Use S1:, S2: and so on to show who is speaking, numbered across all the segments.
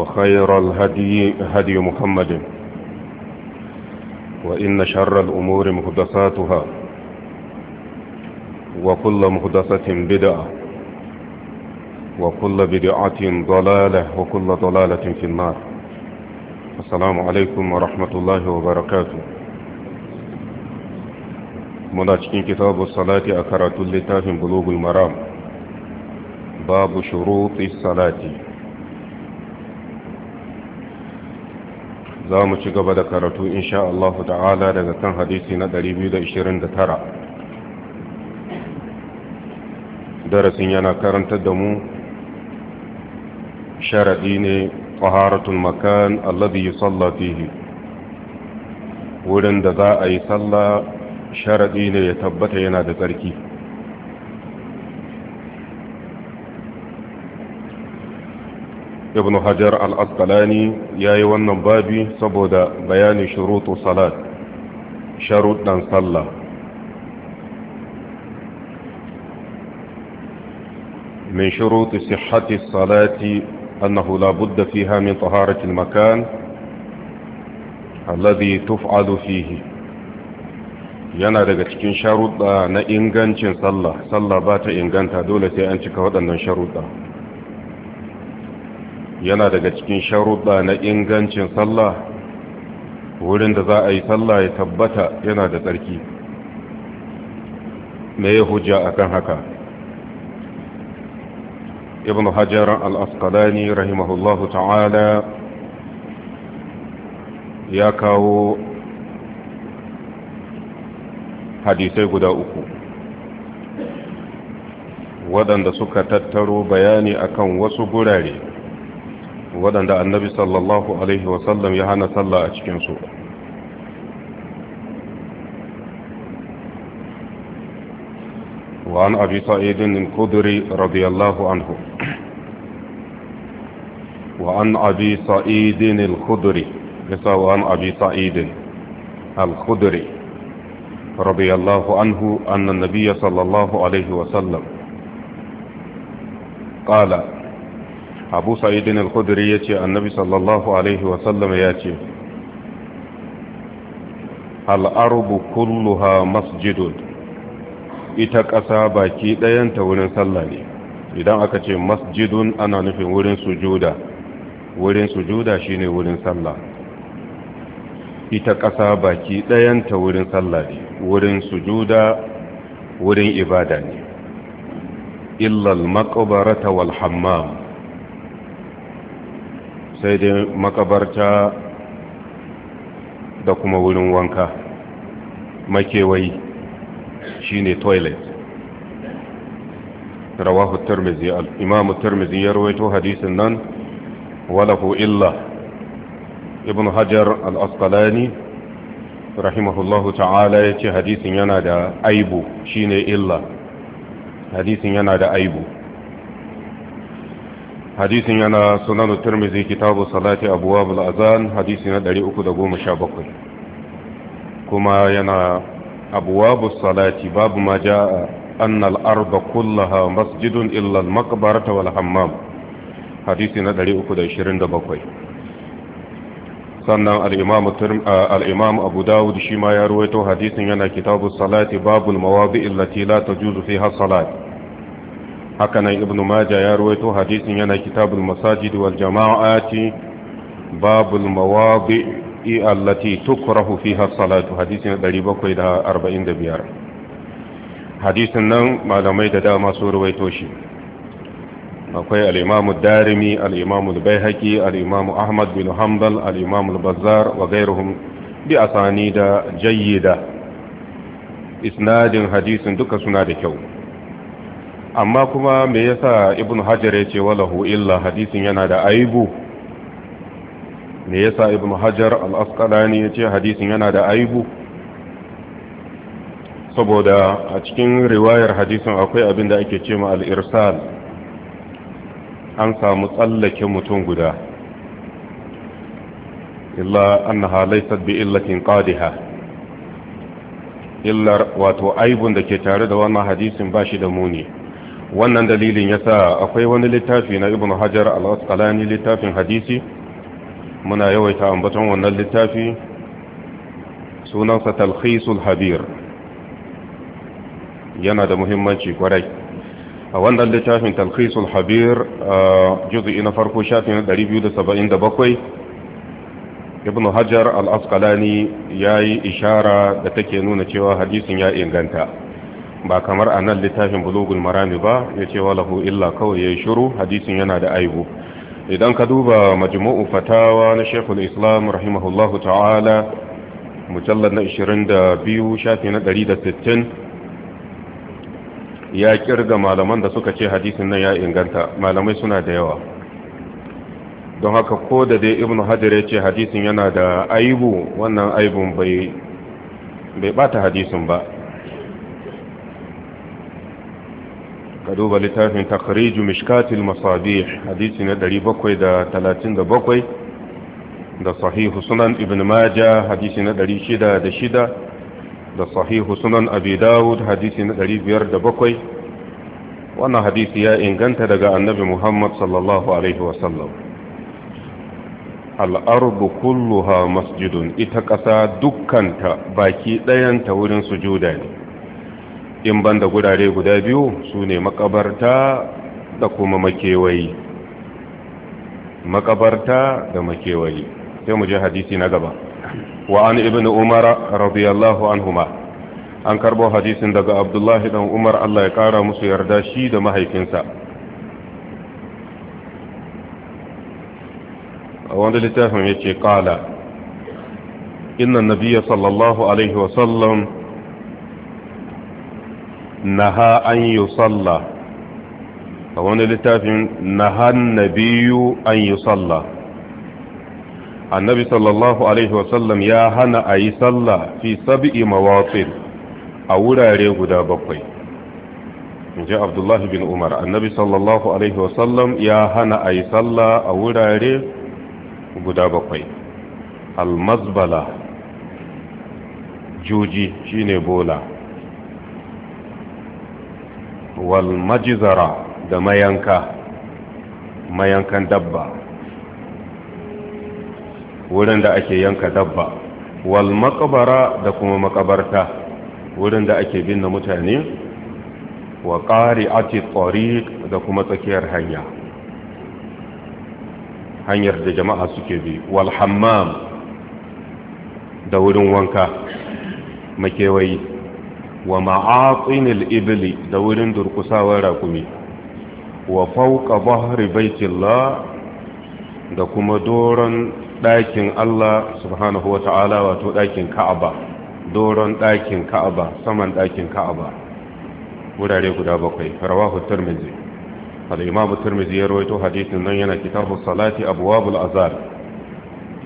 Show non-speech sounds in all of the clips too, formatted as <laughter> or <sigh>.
S1: وخير الهدي هدي محمد وإن شر الأمور مهدساتها وكل مهدسة بدعة وكل بدعة ضلالة وكل ضلالة في النار السلام عليكم ورحمة الله وبركاته مناشكين كتاب الصلاة أكرة اللتاهم بلوغ المرام باب شروط الصلاة za mu ci gaba da karatu insha Allah ta'ala daga kan hadisi na 229 darasin yana karantar da mu sharadi ne taharatul makan alladhi yusalla fihi wurin da za a yi sallah sharadi ne ya tabbata yana da tsarki ibn hajar al-asqalani ya yi wannan babi saboda bayanin shurutu salat sharuɗan sallah من شروط صحة salati أنه لا بد فيها من طهارة المكان الذي تفعل yana daga cikin sharuɗa na ingancin sallah sallah ba ta inganta dole sai an cika waɗannan sharuɗa yana daga cikin sharuɗa na ingancin sallah wurin da za a yi sallah ya tabbata yana da tsarki me ya hujja akan haka ibn hajar al-asqalani rahimahullahu ta'ala ya kawo hadisai guda uku waɗanda suka tattaro bayani akan wasu gurare waɗanda annabi sallallahu alaihi wasallam ya hana sallah a cikinsu وعن أبي سعيد الخدري رضي الله عنه وعن أبي سعيد الخدري وعن أبي سعيد الخدري رضي الله عنه أن النبي صلى الله عليه وسلم قال abu sa'idin al-khudri ce annabi sallallahu alaihi wa sallam yace al-arbu kulluha masjidun ita ƙasa baki ɗayanta wurin sallah ne idan aka ce masjidun ana nufin wurin sujuda wurin sujuda shine wurin sallah ita ƙasa baki ɗayanta wurin sallah ne wurin sujuda wurin ibada ne illal maqbarata wal hammam sai dai makabarta da kuma wurin wanka makewayi shine toilet rawahu tirmidhi al turmizi. ya rawaito hadisin nan walahu illa ibn hajar al-asqalani rahimahullahu ta'ala ce hadisin yana da aibu shine illa hadisin yana da aibu hadisin yana sunan turmizi kitabu salati abuwabul azan hadisi na 317 kuma yana abuwabul salati babu ma ja anna al-arda kullaha masjidun illal al-maqbarata wal hammam hadisi na 327 sannan al-imam abu dawud shi ma ya ruwaito hadisin yana kitabu salati babul mawadi'il lati la tajuzu fiha salati hakanan ibn maja ya ruwaito hadisin yana kitabul masajid wal jama'ati babul mawadi'i allati tukrahu fiha salatu hadisin 745 hadisin nan malamai da dama sun ruwaito shi akwai al-imamu darimi al-imamu al-baihaqi al ahmad bin hanbal al-imamu al-bazzar wa ghayruhum bi asani da jayyida isnadin hadisin duka suna da kyau amma kuma me yasa ibn hajar ya ce walahu illa hadisin yana da aibu me yasa ibn hajar al-asqalani ya ce hadisin yana da aibu saboda a cikin riwayar hadisin akwai abin da ake ce ma al-irsal an samu tsallake mutum guda illa annaha laysat bi illatin qadiha Illa wato aibun da ke tare da wannan hadisin bashi da muni wannan dalilin yasa akwai wani littafi na ibn hajar al-asqalani littafin hadisi muna yawaita ambaton wannan littafi sunansa talkhisul habir yana da muhimmanci kwarai a wannan littafin talkhisul habir juz'i na farko shafi na 277 ibn hajar al-asqalani yayi ishara da take nuna cewa hadisin ya inganta ba kamar a nan littafin bulugul marami ba ya ce walahu illa kawai ya yi shuru hadisin yana da aibu idan ka duba majmu'u fatawa na shekul islam rahimahullahu ta'ala mujallar na 22 shafi na 160 ya kirga malaman da suka ce hadisin nan ya inganta malamai suna da yawa don haka ko da dai ibn hajar ya ce hadisin yana da aibu wannan aibun bai bata hadisin ba ka duba littafin takhriju mishkatil masabih hadisi na 737 da sahihu sunan ibn Maja hadisi na 606 da sahihu sunan abi dawud hadisi na 507 wannan hadisi ya inganta daga annabi muhammad sallallahu alaihi wasallam al'arbu kulluha masjidun ita ƙasa dukkanta baki ɗayanta wurin sujuda ne in banda gurare guda biyu su ne makabarta da kuma makewayi makabarta da makewayi sai mu je hadisi na gaba wa an ibn umar radiyallahu anhuma an karbo hadisin daga abdullahi dan umar Allah ya kara musu yarda shi da mahaifinsa a wanda littafin ya ce kala inna nabiya sallallahu alaihi wasallam naha an yi salla a wani littafin naha nabiyu an yi salla annabi sallallahu alaihi wasallam ya hana a yi salla fi sabi'i mawatsin a wurare guda bakwai inji abdullahi bin umar annabi sallallahu alaihi wasallam ya hana a yi salla a wurare guda bakwai almazbala juji shine bola wal majizara da mayanka mayankan dabba wurin da ake yanka dabba wal makabara da kuma makabarta wurin da ake binne mutane wa qari'ati tariq da kuma tsakiyar hanya hanyar da jama'a suke bi wal hammam da wurin wanka makewayi wa ma'atinil ibli da wurin durkusawar rakumi wa fauka bahri baitillah da kuma doron ɗakin Allah subhanahu wata'ala wato ɗakin Ka'aba doron ɗakin Ka'aba saman ɗakin Ka'aba wurare guda bakwai rawahu Tirmidhi al-Imam Tirmidhi ya rawaito hadisin nan yana kitabu salati abwabul azar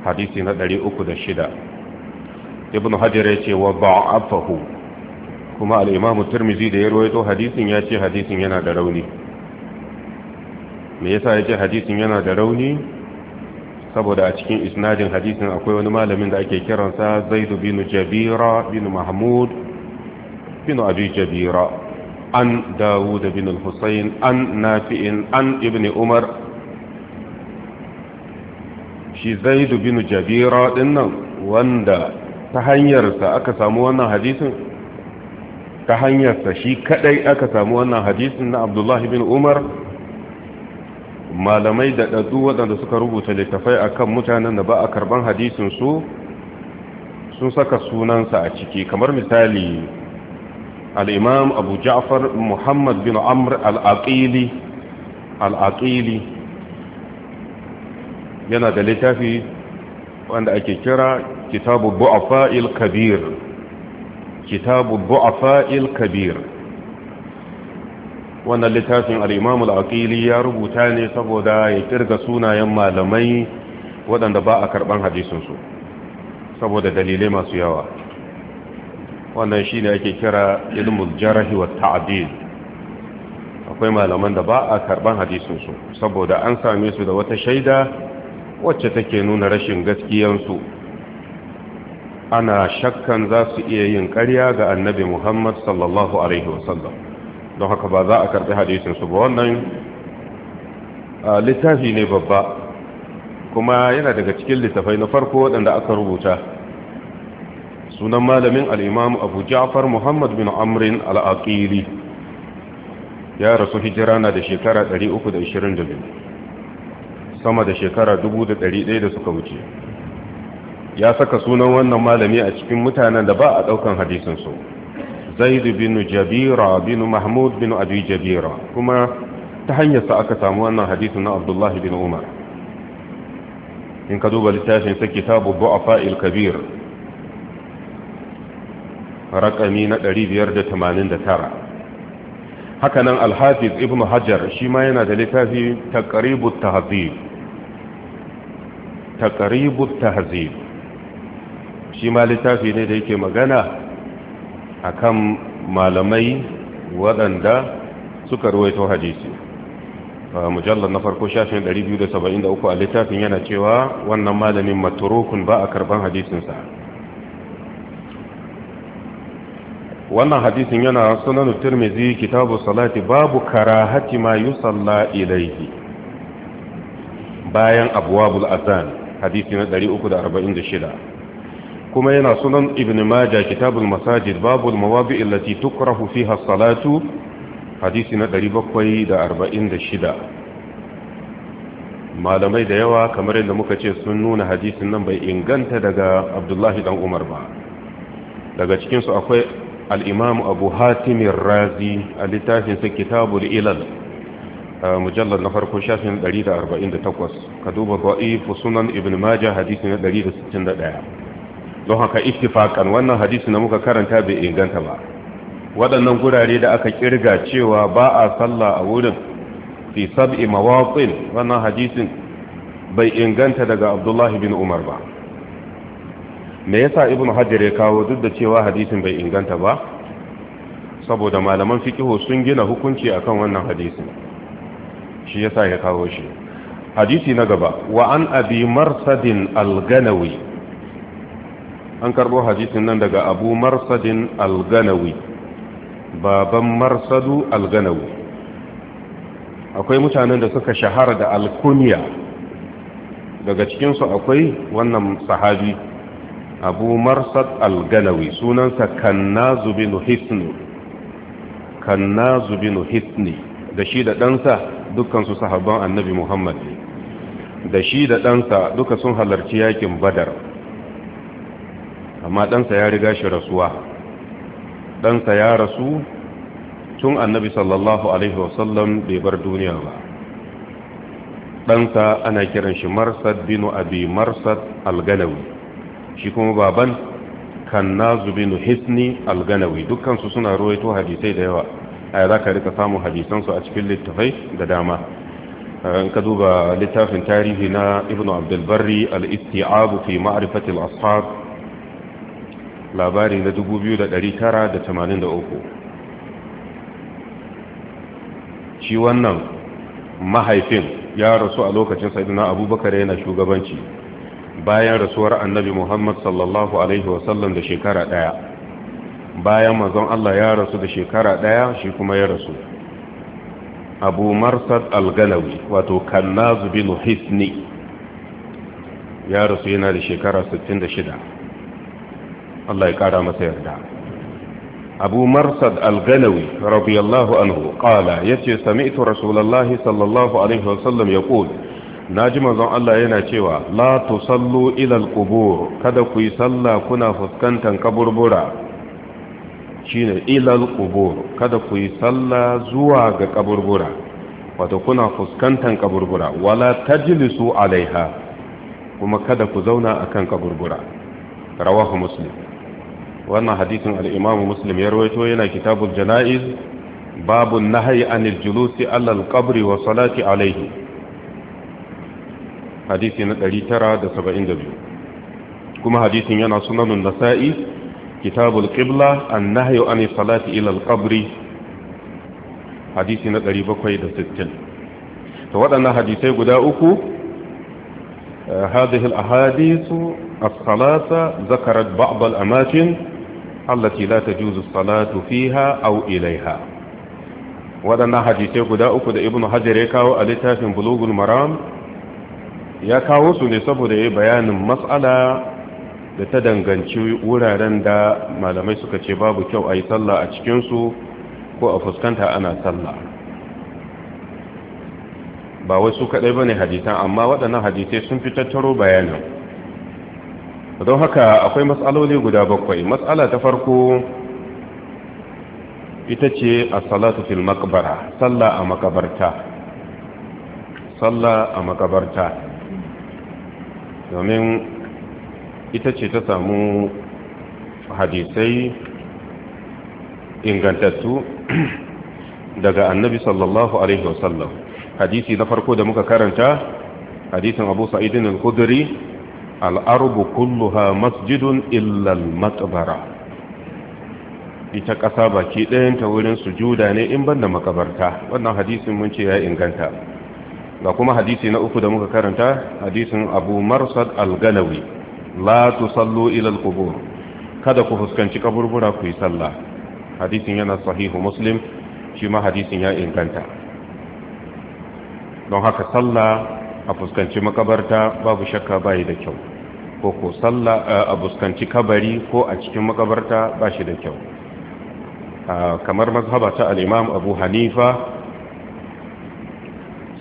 S1: hadisi na 306 Ibn Hajar ya ce wa ba'afahu kuma al'imamu turmizi da ya ruwaito hadisin ya ce hadisin yana da rauni me yasa ya ce hadisin yana da rauni saboda a cikin isnadin hadisin akwai wani malamin da ake kiransa zaidu binu jabira binu mahmud binu abi jabira an dawu da al-husayn an nafi'in an ibni umar shi zaidu binu jabira dinnan wanda ta hanyarsa aka samu wannan hadisin ta hanyarsa shi kadai aka samu wannan hadisin na abdullahi bin umar malamai da ɗazu waɗanda suka rubuta littafai akan mutanen da ba a karban hadisinsu sun saka sunansa a ciki kamar misali al'imam abu ja'far muhammad bin amr al'aƙili al'aƙili yana da littafi wanda ake kira kitabu bu'afa'il kabir kitabu fa'il kabir wannan littafin al'imamul imam aqili ya rubuta ne saboda ya kirga sunayen malamai waɗanda ba a karɓar hadisin saboda dalilai masu yawa wannan shine ake kira ilmul jarh wa akwai malaman da ba a karɓar hadisin saboda an same su da wata shaida wacce take nuna rashin gaskiyansu ana shakkan za su iya yin ƙarya ga annabi Muhammad sallallahu Alaihi wasallam don haka ba za a karɓi hadisinsu ba wannan littafi ne babba kuma yana daga cikin littafai na farko waɗanda aka rubuta sunan malamin al'imamu abu ja'far muhammad bin amrin al'aƙiri ya rasu hijira na da shekara 320 sama da shekara 1100 da suka wuce ya saka sunan wannan malami a cikin mutanen da ba a ɗaukan hadisinsu zaidu bin jabira bin mahmud bin abi jabira kuma ta hanyarsa aka samu wannan hadisin na abdullahi bin umar in ka duba littafin sa kitabu du'afa kabir rakami na 589 haka nan alhafiz ibn hajar shi ma yana da littafi taqribut tahzib taqribut tahzib shi ma littafi ne da yake magana a kan malamai waɗanda suka ruwaito hadisi mujallar na farko shafin 273 a littafin yana cewa wannan malamin maturokun ba a karban hadisinsa wannan hadisin yana sunan turmizi kitabu salati babu karahati ma salla ilaihi bayan abuwa azan hadisi na 346 kuma yana sunan ibn majah kitabul masajid babul mawadi allati tukrahu fiha as-salatu hadisi na 746 malamai da yawa kamar yadda muka ce sun nuna hadisin nan bai inganta daga abdullahi dan umar ba daga cikin su akwai al-imam abu hatim ar-razi a littafin sa kitabul ilal mujallad na farko shafin 148 ka duba da'ifu sunan ibn majah hadisi na 161 don haka ittifaqan wannan hadisi na muka karanta bai inganta ba waɗannan gurare da aka kirga cewa ba a sallah a wurin fi sab'i mawaqin wannan hadisin bai inganta daga Abdullahi bin Umar ba me yasa ibnu Hajar ya kawo duk da cewa hadisin bai inganta ba saboda malaman fikihu sun gina hukunci akan wannan hadisin shi yasa ya kawo shi hadisi na gaba wa an abi marsadin al-ganawi an karbo hadisin nan daga abu marsadin alganawi baban marsadu alganawi akwai mutanen da suka shahara da alkuniya daga cikinsu akwai wannan sahabi abu marsad alganawi sunansa Kanna bin hisni Kanna bin hisni da shi da ɗansa dukkansu sahabban annabi muhammad da shi da ɗansa duka sun halarci yakin badar amma ɗansa ya riga shi rasuwa ɗansa ya rasu tun annabi sallallahu alaihi wasallam bai bar duniya ba ɗansa ana kiran shi marsad binu abi marsad alganawi shi kuma baban nazu binu hisni alganawi dukkansu suna ruwaito hadisai da yawa a za ka rika samun hadisansu a cikin littafai da dama in ka duba littafin tarihi na ibnu abdulbari al-isti'abu fi ma'rifatil ashab labari na 2983 shi wannan mahaifin ya rasu a lokacin saidina abubakar yana shugabanci bayan rasuwar annabi muhammad sallallahu alaihi wasallam da shekara daya bayan mazan allah ya rasu da shekara daya shi kuma ya rasu abu marsad al-galawi wato Kanna bin hisni ya rasu yana da shekara 66 Allah ya kara masa yarda abu marsad al-ganawi radiyallahu anhu qala yace sami'tu rasulallahi sallallahu alaihi wasallam Na ji manzon Allah yana cewa la tusallu ila al-qubur kada ku yi sallah kuna fuskantar kaburbura shine Ilal al kada ku yi sallah zuwa ga kaburbura wato kuna fuskantar kaburbura wala tajlisu alaiha kuma kada ku zauna akan kaburbura rawahu muslim wannan hadisin al'imamu muslim ya rawaito yana kitabul jana'iz babu nahyi anil julusi allal qabri wa salati alaihi hadisi na 972 kuma hadisin yana sunanun nasa'i kitabul ƙibla an nahyu anis salati ila al qabri hadisi na 760 ta waɗannan hadisai guda uku هذه الأحاديث الصلاة ذكرت بعض الأماكن allati la tajuzu salatu fiha aw ilaiha wadannan hadisai guda uku da ibnu hajar ya kawo a littafin bulugul maram ya kawo su ne saboda yi bayanin mas'ala da ta danganci wuraren da malamai suka ce babu kyau a yi sallah a cikinsu ko a fuskanta ana sallah ba wai su kaɗai ba ne hadisan amma waɗannan hadisai sun fi tattaro bayanin don haka akwai matsaloli guda bakwai matsala ta farko ita ce a salatu fil makabara sallah a makabarta sallah a makabarta domin ita ce ta samu hadisai ingantattu <clears throat> daga annabi sallallahu alaihi wasallam hadisi na farko da muka karanta hadisin abu sa'idin al-khudri al'arbu kulluha masjidun illal makabara ita ƙasa baki ɗayanta wurin sujuda ne in banda makabarta wannan hadisin mun ce ya inganta ga kuma hadisi na uku da muka karanta hadisin abu marsad al-ganawi la tusallu ilal, qubur kada ku fuskanci kaburbura ku yi sallah hadisin yana sahihu muslim shi ma hadisin ya inganta don haka sallah a fuskanci makabarta babu shakka bayi da kyau ko ko sallah eh, a fuskanci kabari ko a cikin makabarta ba shi da kyau ah, kamar mazhaba ta al-Imam Abu Hanifa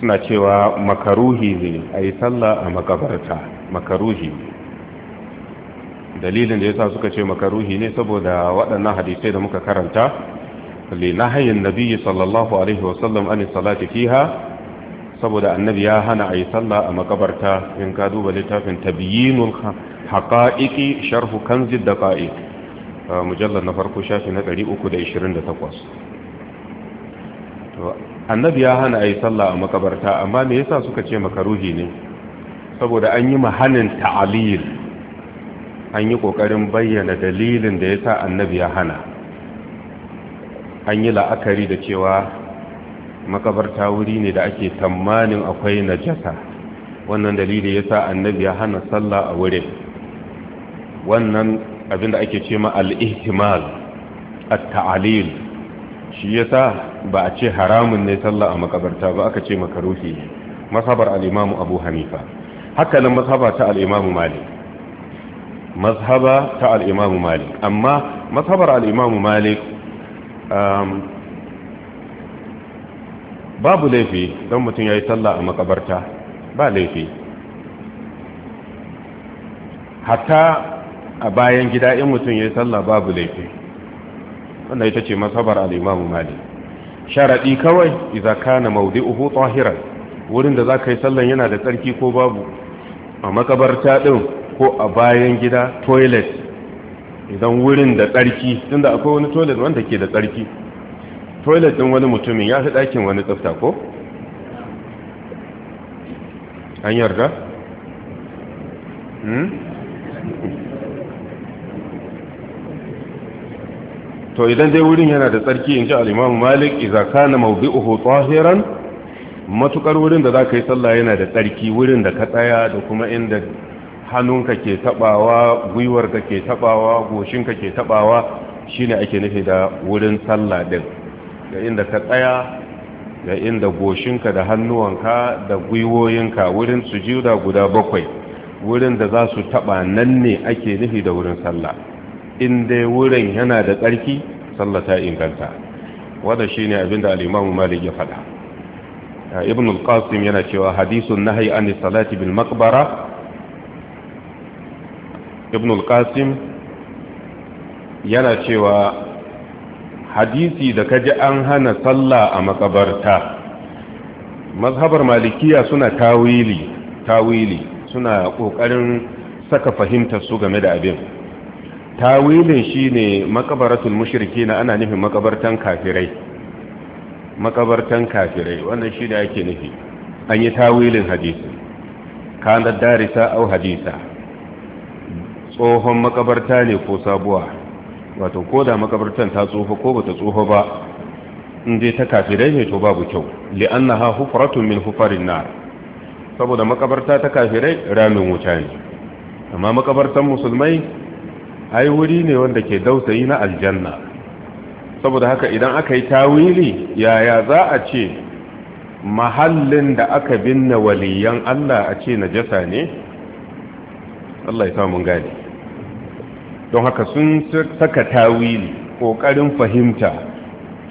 S1: suna cewa makaruhi ne a yi sallah a makabarta makaruhi dalilin da yasa suka ce makaruhi ne saboda waɗannan hadisai da muka karanta li nahayin nabiyyi sallallahu alaihi wasallam an salati fiha saboda annabi ya hana a yi sallah a makabarta in ka duba littafin tabiyinul haqa'iqi sharhu kanzid da ƙa'i mujallar na farko shafi na 328 annabi ya hana a yi sallah a makabarta amma me yasa suka ce makaruhi ne saboda an yi mahanin ta'alil an yi ƙoƙarin bayyana dalilin da yasa annabi ya hana an yi la'akari da cewa makabarta wuri ne da ake tamanin akwai najasa wannan dalili yasa annabi ya hana sallah a wurin wannan abin da ake ce ma al-ihtimal at-ta'lil shi yasa ba a ce haramun ne sallah a makabarta ba aka ce makaruhi masabar al-imam Abu Hanifa haka nan mazhaba ta al'imamu imam Malik mazhaba ta al'imamu imam Malik amma mazhabar al'imamu imam Malik um, babu laifi don mutum ya yi sallah a makabarta ba laifi hatta a bayan gida in mutum ya yi sallah babu laifi wanda ita ce masabar al'imamu mali sharaɗi kawai iza kana uku tsohiran wurin da za ka yi sallan yana da tsarki ko babu a makabarta ɗin ko a bayan gida toilet idan wurin da tsarki tunda akwai wani toilet wanda ke da tsarki toilet ɗin wani mutumin ya fi ɗakin wani tsafta ko? an yarda? Hmm? to idan dai wurin yana da tsarki in ji al'imamu malik iza kana uku tsohiran matukar wurin da za ka yi sallah yana da tsarki wurin da ka tsaya da kuma inda hannunka ke tabawa gwiwarka ke tabawa goshinka ke tabawa shine ake nufi da wurin sallah din ga inda ka tsaya ga inda goshinka da hannuwanka da gwiwoyinka wurin sujuda guda bakwai wurin da za su taba nan ne ake nufi da wurin sallah in dai wurin yana da tsarki sallah ta inganta shi shine abinda al-Imam Malik ya faɗa uh, Ibn al-Qasim yana cewa hadisun nahyi an salati bil maqbara Ibn al-Qasim yana cewa hadisi da kaji an hana sallah a makabarta mazhabar malikiya suna tawili tawili suna kokarin saka fahimtar su game da abin tawilin shine makabaratul mushriki na ana nufin makabartan kafirai makabartan kafirai wannan shi da ake nufi an yi tawilin hadisi kanar darisa au hadisa tsohon makabarta ne ko sabuwa wato ko da makabartan ta tsofa ko bata tsufa ba in dai ta kafirai ne to babu kyau li'annaha hufratun min hufarin nar saboda makabarta ta kafirai ramin wuta ne amma makabartan musulmai ai wuri ne wanda ke dausayi na aljanna saboda haka idan aka yi tawili yaya za a ce mahallin da aka binne waliyan Allah a ce najasa ne Allah ya samu gane don haka sun saka tawili ƙoƙarin fahimta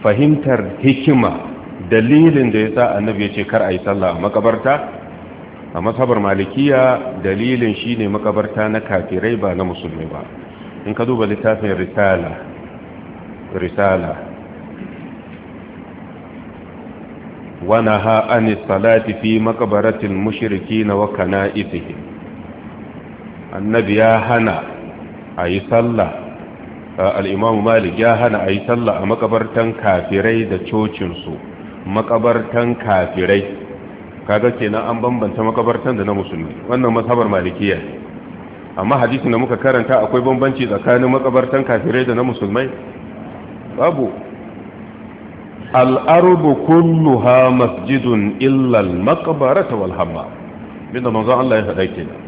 S1: fahimtar hikima dalilin da ya sa annabi ya ce kar a yi sallah a makabarta a masabar malikiya dalilin shine makabarta na kafirai ba na musulmi ba in ka duba littafin risala risala wana ha an salati fi makabaratin mushriki na wakana kana'itihim annabi ya hana a yi sallah al'imamu malik ya hana a yi sallah a makabartan kafirai da cocinsu makabartan kafirai kaga kenan an bambanta makabartan da na musulmi wannan masabar malikiya amma hadisin da muka karanta akwai bambanci tsakanin makabartan kafirai da na musulmai babu kullu kulluha masjidun illal makabarata walhamma hamma bin da manzan Allah ya faɗa kenan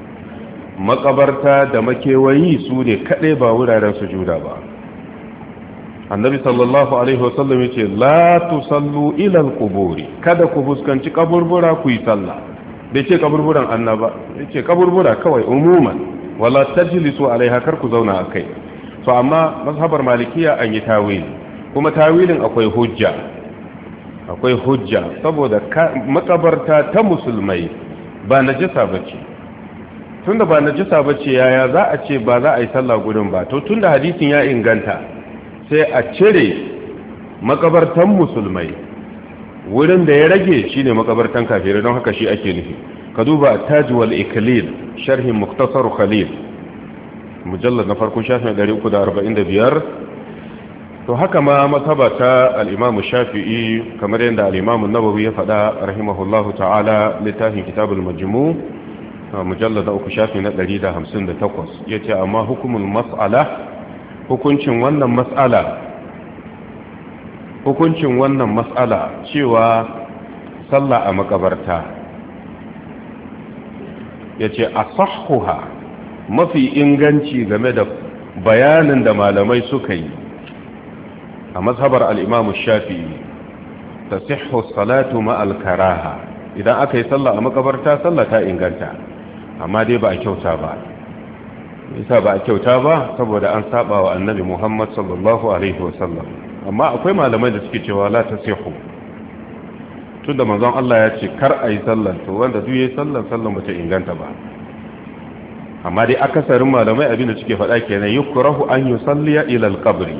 S1: makabarta da makewayi su ne kaɗai ba wuraren sujuda ba annabi sallallahu alaihi wasallam ya ce la sallu ila kada ku fuskanci kaburbura ku yi sallah bai ce kaburburan annaba bai ce kaburbura kawai umuman wala tajlisu alaiha kar ku zauna akai to amma mazhabar malikiya an yi tawili kuma tawilin akwai hujja akwai hujja saboda makabarta ta musulmai ba na najasa bace tunda ba najisa ya yaya za a ce ba za a yi sallah gudun ba to tunda hadisin ya inganta sai a cire makabartan musulmai wurin da ya rage shi ne makabartan kafirai don haka shi ake nufi ka duba taj wal iklil sharhin muktasar khalil mujallar na farkon shafin 345 to haka ma mataba ta al shafi'i kamar yadda al-imam ya faɗa rahimahullahu ta'ala littafin kitabul majmu' mujallada uku shafi na 158 ya ce amma hukumin mas'ala hukuncin wannan mas'ala hukuncin wannan mas'ala cewa sallah a makabarta ya ce a sahuha mafi inganci game da bayanin da malamai suka yi a mazhabar al'imamu shafi ta sihu salatu ma'alkaraha, idan aka yi sallah a makabarta sallah ta inganta amma dai ba a kyauta ba yasa ba a kyauta ba saboda an saba wa annabi Muhammad sallallahu alaihi wasallam amma akwai malamai da suke cewa la tasihu tunda manzon Allah ya ce kar yi sallan to wanda duk sallan sallan bata inganta ba amma dai akasarin malamai abin da suke faɗa kenan yukrahu an yusalliya ila alqabri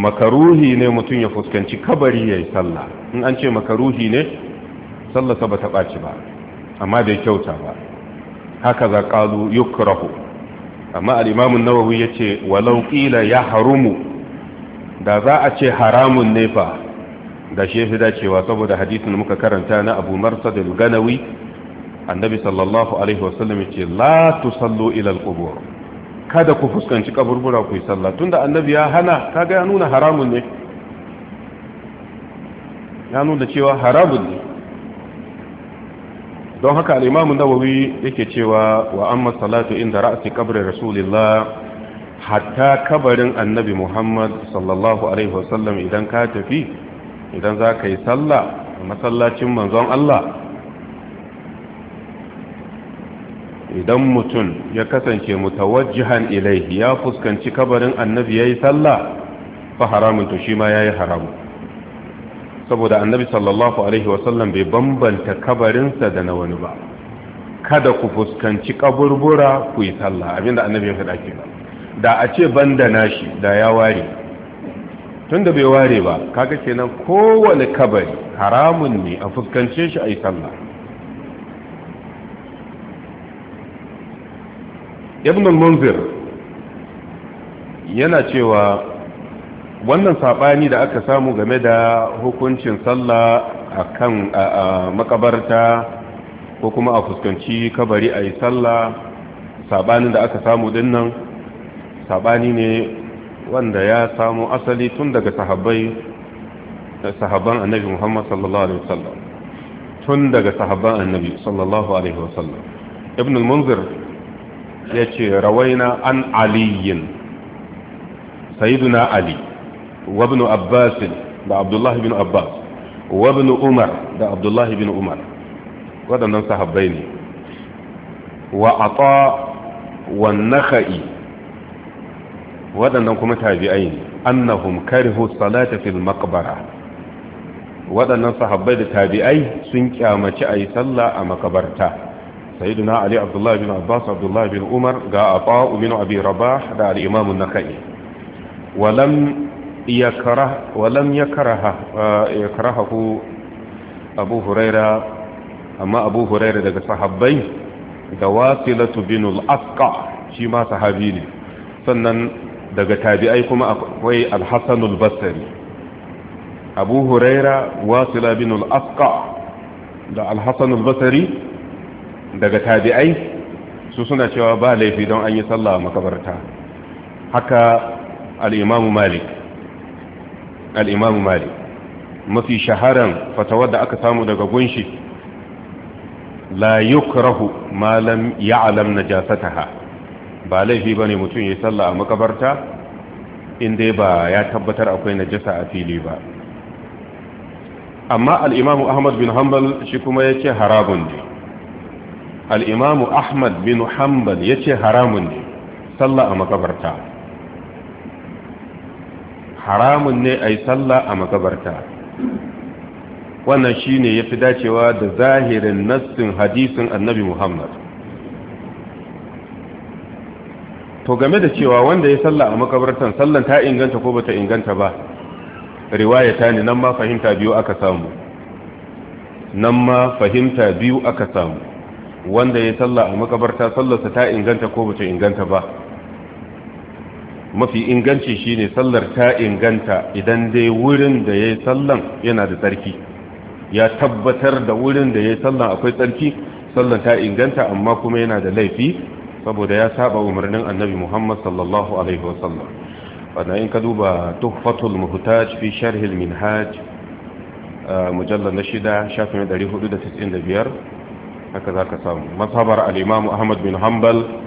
S1: makaruhi ne mutum ya fuskanci kabari yayi salla in an ce makaruhi ne sallarsa bata ɓaci ba amma bai kyauta ba haka za ƙalu yukrahu amma al'imamun nawawi ya ce walau ƙila ya harumu da za a ce haramun ne fa da shi fi dacewa saboda hadisin muka karanta na abu da ganawi annabi sallallahu alaihi wasallam ya ce la tusallu ila alqubur kada ku fuskanci kaburbura ku yi sallah tunda annabi ya hana kaga ya nuna haramun ne ya nuna cewa haramun ne don haka al-imam nawawi yake cewa wa salatu inda ra'si qabri rasulillah hatta kabarin annabi muhammad sallallahu alaihi wasallam idan ka tafi idan za ka yi sallah masallacin manzon Allah idan mutum ya kasance mutawajjihan ilaihi ya fuskanci kabarin annabi yayi sallah fa haramun to shi ma yayi haramun saboda annabi sallallahu alaihi wasallam bai bambanta kabarinsa da na wani ba kada ku fuskanci kaburbura ku yi sallah abinda annabi ya faɗa kenan da a ce banda nashi da ya ware tunda bai ware ba kaga kenan kowane kabari haramun ne a fuskance shi a yi sallah ibn munzir yana cewa wannan saɓani da aka samu game da hukuncin sallah a kan makabarta ko kuma a fuskanci kabari a yi sallah sabanin da aka samu dinnan saɓani ne wanda ya samu asali tun daga sahabbai da sahabban annabi muhammad sallallahu alaihi wasallam tun daga sahabban annabi sallallahu alaihi wasallam ibn al-munzir ya ce rawaina an aliyin sayiduna ali wa ibn abbas da abdullahi bin abbas wa umar da abdullahi bin umar waɗannan sahabbai ne wa ata waɗannan kuma tabi'ai ne annahum karihu salata fil waɗannan sahabbai da tabi'ai sun kyamaci yi sallah a makabarta سيدنا علي عبد الله بن عباس عبد الله بن عمر جاء عطاء بن أبي رباح دع الإمام النخعي ولم walam ya karaha ku abu huraira amma abu huraira daga sahabbai da wasilatu bin al al'afka shi ma sahabi ne sannan daga tabi'ai kuma akwai alhassanul basari abu huraira wasila bin al al'afka da alhassanul basari daga tabi'ai su suna cewa ba laifi don an yi sallah makabarta haka al'imamu malik al'imamu mali mafi shaharan fatawar da aka samu daga gunshi la yukrahu malam na jasataha ba laifi ne mutum ya salla a makabarta inda ba ya tabbatar akwai na jasa a fili ba amma al'imamu ahmad bin hanbal shi kuma ya ce harabun ne al'imamu ahmad bin hanbal ya ce haramun ne salla a makabarta haramun ne a yi sallah a makabarta wannan shi ne ya fi dacewa da zahirin nassin hadisin annabi muhammad to game da cewa wanda ya sallah a makabartan sallan ta inganta ko bata inganta ba riwayata ne nan ma fahimta biyu aka samu nan ma fahimta biyu aka samu wanda ya sallah a makabarta sallarsa ta inganta ko bata inganta ba mafi inganci shine sallar ta inganta idan dai wurin da ya yi sallan yana da tsarki ya tabbatar da wurin da ya yi sallan akwai tsarki sallar ta inganta amma kuma yana da laifi saboda ya saba umarnin annabi muhammad sallallahu alaihi wasallam wadda in ka duba tuhfatul muhtaj fi sharhil minhaj mujallar na shida shafin 495 haka za ka samu masabar al'imamu ahmad bin Hambal.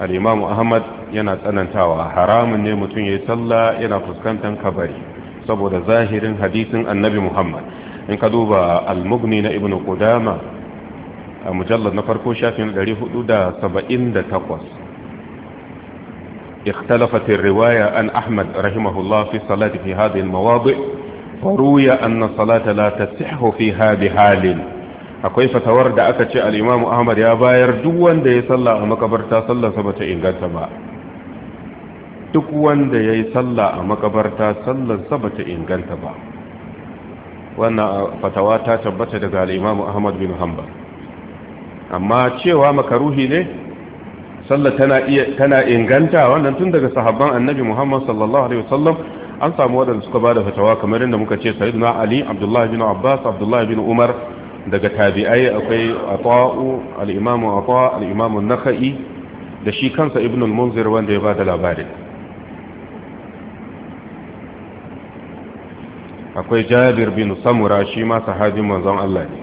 S1: al'imamu ahmad yana tsanantawa haramun ne mutum ya yi sallah yana fuskantar kabari saboda zahirin hadisin annabi muhammad in ka duba almugni na ibn qudama a mujallar na farko shafin 478 اختلفت الرواية عن أحمد رحمه الله في الصلاة في هذه المواضع فروي أن الصلاة لا تصح فيها بحال akwai fatawar da aka ce al'imamu ahmad ya bayar duk wanda ya salla a makabarta sallarsa ba ta inganta ba duk wanda ya yi salla a makabarta sallansa ba ta inganta ba wannan ah, fatawa ta tabbata daga al'imamu ahmad bin hanbal amma cewa makaruhi ne sallar tana inganta wannan tun daga sahabban annabi muhammad sallallahu alaihi wasallam an samu waɗanda suka ba da fatawa kamar yadda muka ce na ali abdullahi bin abbas abdullahi bin umar daga tabi'ai akwai ata'u al-imamu ata'u al-imamu nakhai da shi kansa ibn al-munzir wanda ya bada labarin akwai jabir bin samura shi ma sahabin manzon Allah ne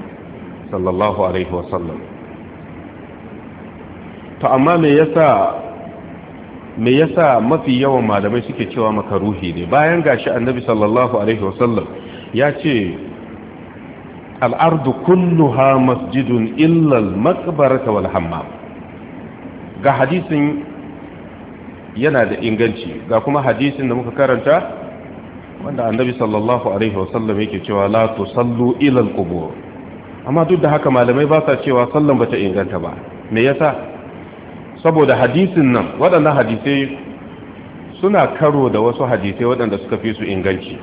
S1: sallallahu alaihi wa sallam to amma me yasa me yasa mafi yawan malamai suke cewa makaruhi ne bayan gashi annabi sallallahu alaihi wa sallam ya ce al'ardu ha masjidun illal makabarta wal hammam ga hadisin yana da inganci ga kuma hadisin da muka karanta wanda annabi sallallahu alaihi wasallam yake cewa la tusallu ilal al-qubur amma duk da haka malamai ba sa cewa sallan bata inganta ba me yasa saboda hadisin nan waɗannan hadisai suna karo da wasu hadisai waɗanda suka fi su inganci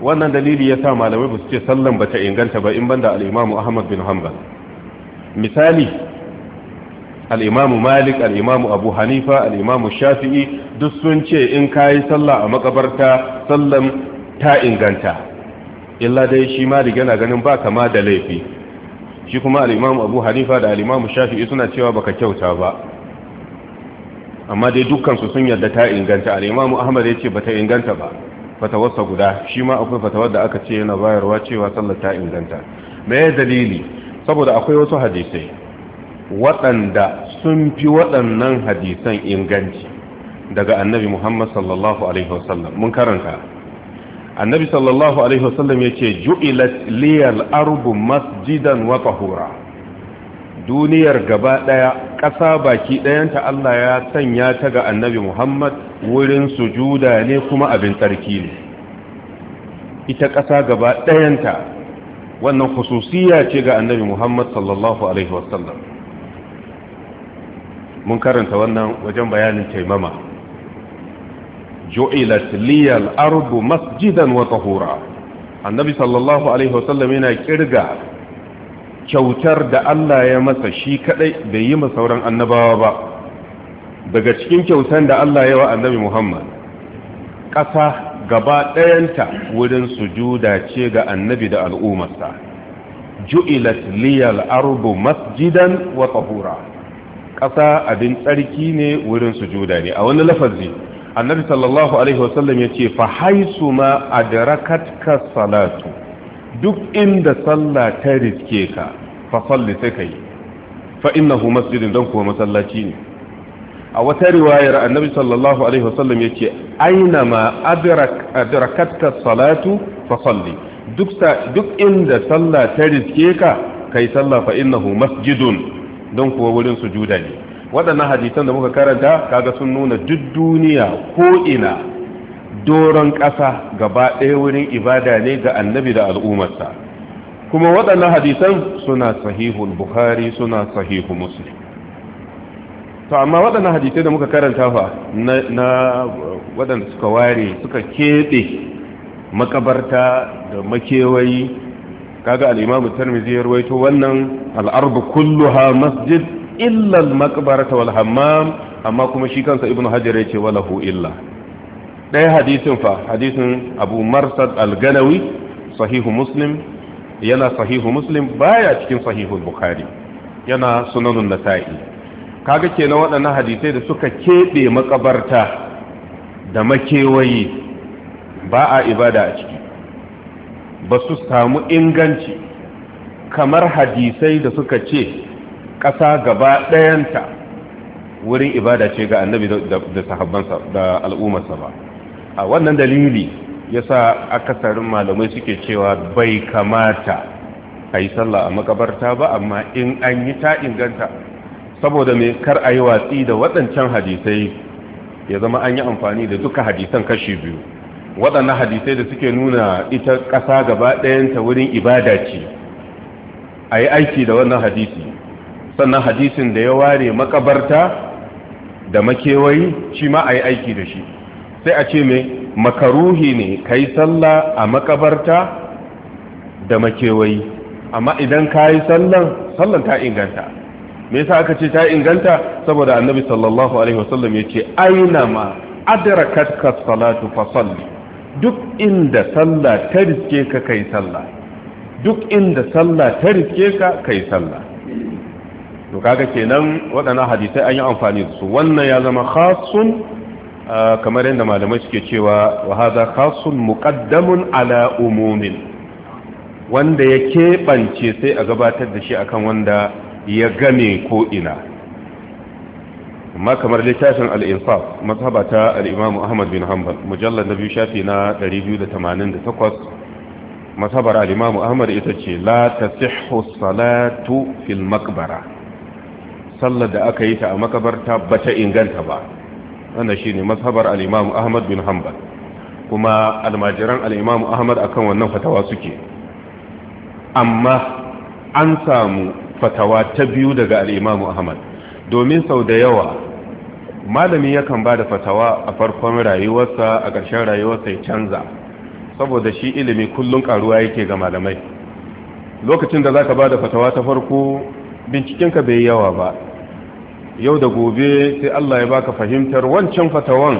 S1: wannan dalili ya sa malamai ba su ce sallan ba ta inganta ba in banda al'imamu ahmad bin hanbal misali al'imamu malik al'imamu abu hanifa al'imamu shafi'i duk sun ce in ka yi sallah a makabarta sallan ta inganta illa dai shi malik yana ganin ba kama da laifi shi kuma al'imamu abu hanifa da al'imamu shafi'i suna cewa baka kyauta ba amma dai dukkansu sun yarda ta inganta al'imamu ahmad ya ce ba ta inganta ba fatawarsa guda shi ma akwai fatawar da aka ce yana bayarwa cewa sallar ta inganta me dalili saboda akwai wasu hadisai waɗanda sun fi waɗannan hadisan inganci daga annabi Muhammad sallallahu alaihi wasallam mun karanta annabi sallallahu alaihi wasallam ce ju'ilat liyal ardu masjidan wa tahura duniyar gaba ɗaya ƙasa baki ɗayanta Allah ya sanya ta ga annabi Muhammad wurin sujuda ne kuma abin tsarki ne ita ƙasa gaba ɗayanta wannan khususiya ce ga annabi Muhammad sallallahu alaihi wasallam mun karanta wannan wajen bayanin taimama ju'ilat liyal arubu masjidan wata hura. annabi sallallahu alaihi wasallam yana kirga kyautar da Allah ya masa shi kadai bai yi sauran annabawa ba daga cikin kyautar da Allah ya wa annabi Muhammad ƙasa gaba ɗayanta wurin sujuda ce ga annabi da al'ummarsa ju'ilat liyal ardu masjidan wa tahura ƙasa abin tsarki ne wurin sujuda ne a wani lafazi annabi sallallahu alaihi wasallam yace fa haisu ma adrakatka salatu duk inda sallah ta riske ka fa salli sai kai fa innahu masjidin don kuwa masallaci ne a wata riwayar annabi sallallahu alaihi wasallam ce, aina ma adrak salatu fa salli duk duk inda sallah ta riske ka kai sallah fa innahu masjidun don kuwa wurin sujuda ne waɗannan hadisan da muka karanta kaga sun nuna duk duniya ko ina doron ƙasa gaba ɗaya wurin ibada ne ga annabi da al'ummarsa kuma waɗannan hadisan suna sahihul bukhari suna sahihu muslim to amma waɗannan hadisai da muka karanta fa na waɗanda suka ware suka keɓe makabarta da makewayi kaga al'imamu tarmizi ya rawaito wannan al'arba kulluha masjid al makabarta wal hammam amma kuma shi kansa ibnu hajar ya ce walahu illa ɗaya hadisin fa hadisin abu marsad al-ganawi sahihu muslim yana sahihu muslim baya cikin sahihu bukhari yana sunanun nasa'i kaga kenan waɗannan hadisai da suka keɓe makabarta da makewayi ba a ibada a ciki ba su samu inganci kamar hadisai da suka ce ƙasa gaba ɗayanta wurin ibada ce ga annabi da sahabbansa da al'ummarsa ba a wannan dalili ya sa akasarin malamai suke cewa bai kamata a yi sallah a makabarta ba amma in an yi ta inganta saboda mai kar a yi watsi da waɗancan hadisai ya zama an yi amfani da duka hadisan kashi biyu waɗannan hadisai da suke nuna ita ƙasa gaba ɗayanta wurin ibada ce a yi aiki da wannan hadisi sannan hadisin da ya ware makabarta da makewayi shi ma a yi aiki da shi sai a ce mai makaruhi ne ka yi sallah a makabarta da makewayi amma idan ka yi sallan sallan ta inganta me yasa aka ce ta inganta saboda annabi sallallahu alaihi wasallam ya ce aina ma adrakat ka salatu fa salli duk inda sallah ta riske ka kai sallah duk inda sallah ta riske ka kai sallah to kaga kenan waɗannan hadisai an yi amfani da su wannan ya zama khasun Ah, kamar yadda malamai suke cewa wa hadha khasun muqaddamun ala umumin wanda ya keɓance sai a gabatar da shi akan wanda ya game ko ina amma kamar littafin al-insaf mazhaba ta al-imam Ahmad bin Hanbal mujallad na biyu shafi na 288 mazhabar al-imam Ahmad ita ce la tasihhu salatu fil maqbara sallar da aka yi ta a makabarta bata inganta ba wannan ne mazhabar al’imamu Ahmad bin Hanbal kuma almajiran al’imamu Ahmad akan wannan fatawa suke amma an samu fatawa ta biyu daga al’imamu Ahmad domin sau da yawa malami yakan ba da fatawa a farkon rayuwarsa a ƙarshen rayuwarsa ya canza saboda shi ilimi kullum karuwa yake ga malamai lokacin da za ka ba da fatawa ta farko bincikenka bai yawa ba yau da gobe sai Allah ya baka fahimtar wancan fatawan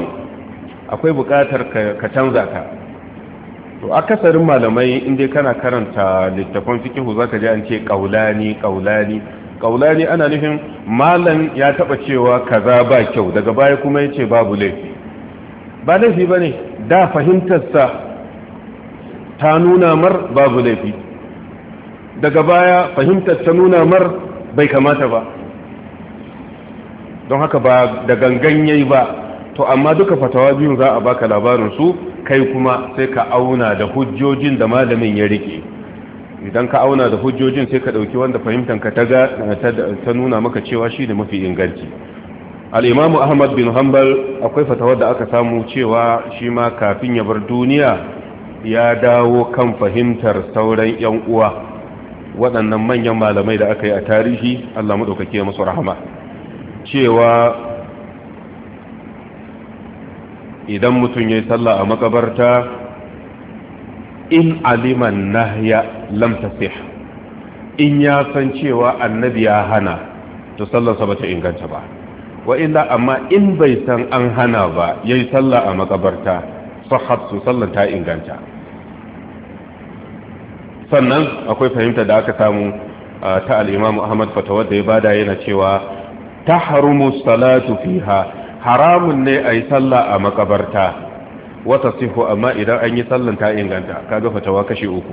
S1: akwai bukatar ka canza ka to akasarin malamai inda kana karanta littafin fikihu zaka ji an ce qaulani qaulani qaulani ana nufin malam ya taba cewa kaza ba kyau daga baya kuma yace babu laifi ba laifi bane da fahimtarsa ta nuna mar babu laifi daga baya fahimtar ta nuna mar bai kamata ba don haka ba da gangan yayi ba to amma duka fatawa biyun za a baka labarin su kai kuma sai ka auna da hujjojin da malamin ya rike idan ka auna da hujjojin sai ka dauki wanda fahimtar ka ta nuna maka cewa shi ne mafi inganci al-imam ahmad bin hanbal akwai fatawar da aka samu cewa shi ma kafin ya bar duniya ya dawo kan fahimtar sauran yan uwa waɗannan manyan malamai da aka yi a tarihi Allah madaukake musu rahama cewa idan mutum ya yi sallah a makabarta in aliman nahya lamta in ya san cewa annabi ya hana to sallarsa ba ta inganta ba wa illa amma in bai san an hana ba yayi sallah a makabarta sahhat sallar ta inganta sannan akwai fahimta da aka samu ah, ta al-Imam Ahmad fatawa da ya bada yana cewa tahrumu salatu fiha haramun ne a yi sallah a makabarta wata sihu amma idan an yi sallan ta inganta kaga fatawa kashe uku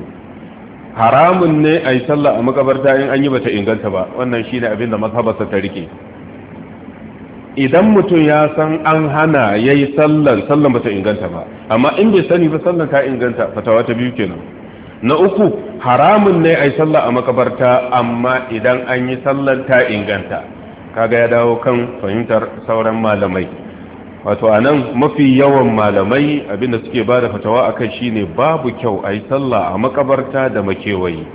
S1: haramun ne a yi sallah a makabarta in an yi bata inganta ba wannan shine abin da mazhabarsa ta rike idan mutum ya san an hana ya yi sallan sallan bata inganta ba amma in bai sani ba sallan ta inganta fatawa ta biyu kenan na uku haramun ne a yi sallah a makabarta amma idan an yi sallan ta inganta kaga ya dawo kan fahimtar sauran malamai wato a nan mafi yawan malamai abinda suke ba da fatawa a kai shine babu kyau a yi sallah a makabarta da makewayi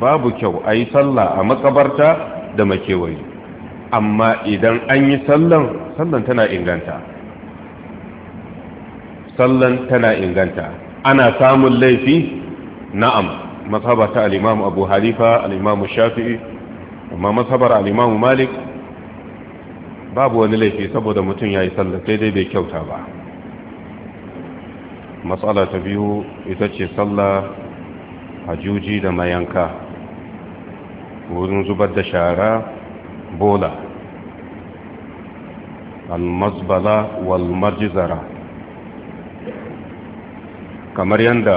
S1: babu kyau a yi sallah a makabarta da makewayi amma idan an yi sallan sallan tana inganta sallan tana inganta ana samun laifi na'am masabata al-imam abu halifa al-imam shafi'i amma masabar al-imam malik babu wani laifi saboda mutum ya yi sallah sai dai bai kyauta ba matsala ta biyu ita ce sallah juji da mayanka wurin zubar da shara bola almazbala walmajizara kamar yadda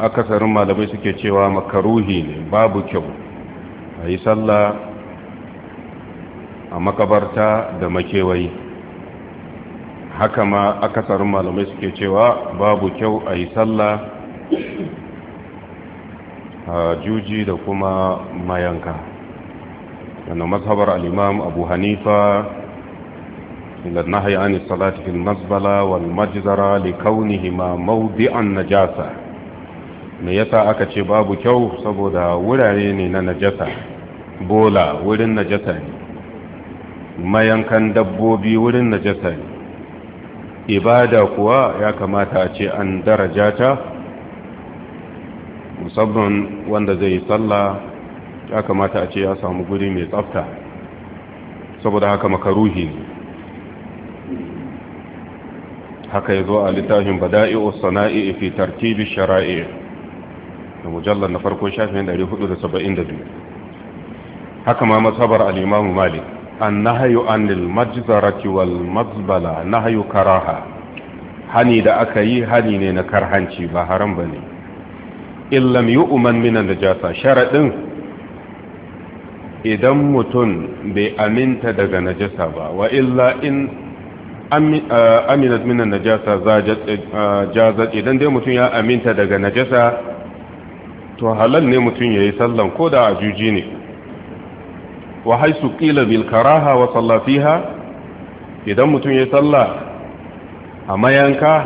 S1: akasarin malamai suke cewa makaruhi ne babu kyau a yi sallah a makabarta da makewayi haka ma akasarin malamai suke cewa babu kyau a yi sallah a juji da kuma mayanka yana mazhabar al'imam abu hanifa ilar nahayi an salati fil wal majzara li kaunihima mawdi'an najasa me yasa aka ce babu kyau saboda wurare ne na najasa bola wurin najasa ne mayankan dabbobi wurin najasa ne ibada kuwa ya kamata a ce an daraja ta musamman wanda zai yi sallah ya kamata a ce ya samu guri mai tsafta saboda haka makaruhi ne haka ya zo a littafin bada'i'u sana'i fi tartibi shara'i da mujallar na farko shafin 472 haka ma masabar al-imamu malik annahayu anil majzarati wal mazbala nahayu karaha hani da aka yi hani ne na karhanci ba haram bane illam yu'man min najasa sharadin idan mutum bai aminta daga najasa ba wa illa in aminat min najasa jazat idan dai mutum ya aminta daga najasa to halal ne mutum yayi sallan ko da ajuji ne wa haisu ƙila bil karaha wa salla idan mutum ya salla a mayanka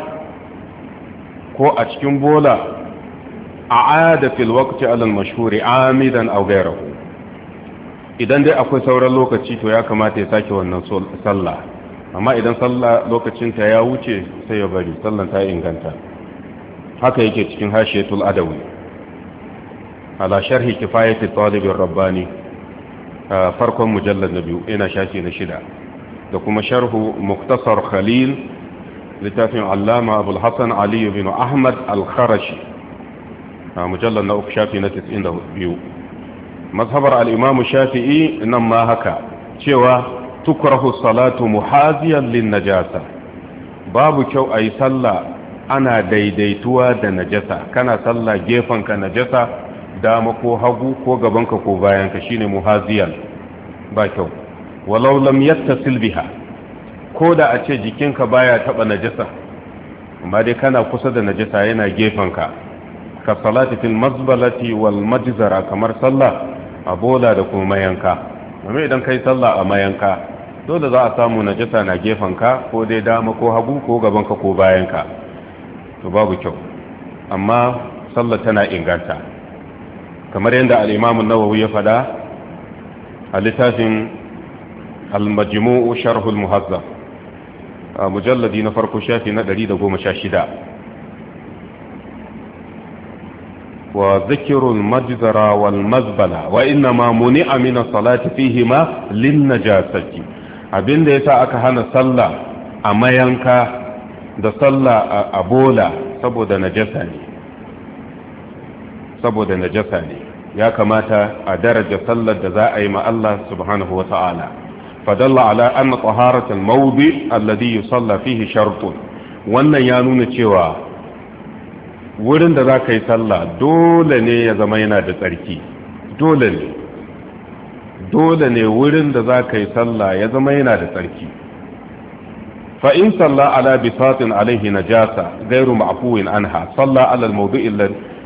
S1: ko a cikin bola a'ada fil waqti ala al amidan aw idan dai akwai sauran lokaci to ya kamata ya sake wannan sallah amma idan sallah lokacinta ya wuce sai ya bari sallan ta inganta haka yake cikin hashiyatul adawi ala sharhi kifayati talibir rabbani farkon mujallar na biyu ina shafi na shida da kuma sharhu muktasar khalil littafin allama abul hassan aliyu bin ahmad al-kharashi a mujallar na uku shafi na 92 mazhabar al'imamu shafi'i nan ma haka cewa tukurahu salatu muhaziyar lin najasa babu kyau a yi sallah ana daidaituwa da najasa kana sallah ka najasa dama ko hagu ko gabanka ko bayanka shine muhaziyan ba kyau walau lam yattasil biha ko da a ce jikinka baya taba najasa amma dai kana kusa da najasa yana gefen ka salati fil mazbalati wal majzara kamar sallah a bola da kuma mayanka amma idan kai sallah a mayanka dole za a samu najasa na ka ko dai dama ko hagu ko gabanka ko bayanka to babu kyau amma sallah tana inganta kamar yadda al'imamun nawawi ya fada a littafin almajimu'u sharhul muhazzab a mujalladi na farko shafi na 116 wa zikirul majzara wal mazbala wa inna ma muni amina salati fihi ma lin najasati abinda yasa aka hana sallah a mayanka da sallah a bola saboda jasa ne saboda najasa ne ya kamata a daraja sallar da za a yi ma Allah subhanahu wa ta'ala fadalla ala anna taharatul mawdi alladhi yusalla fihi shartun wannan ya nuna cewa wurin da za ka yi sallah dole ne ya zama yana da tsarki dole ne dole ne wurin da za ka yi sallah ya zama yana da tsarki Fa in sallah ala bisatin alaihi na jasa gairu ma'afuwin anha sallah alal maudu'in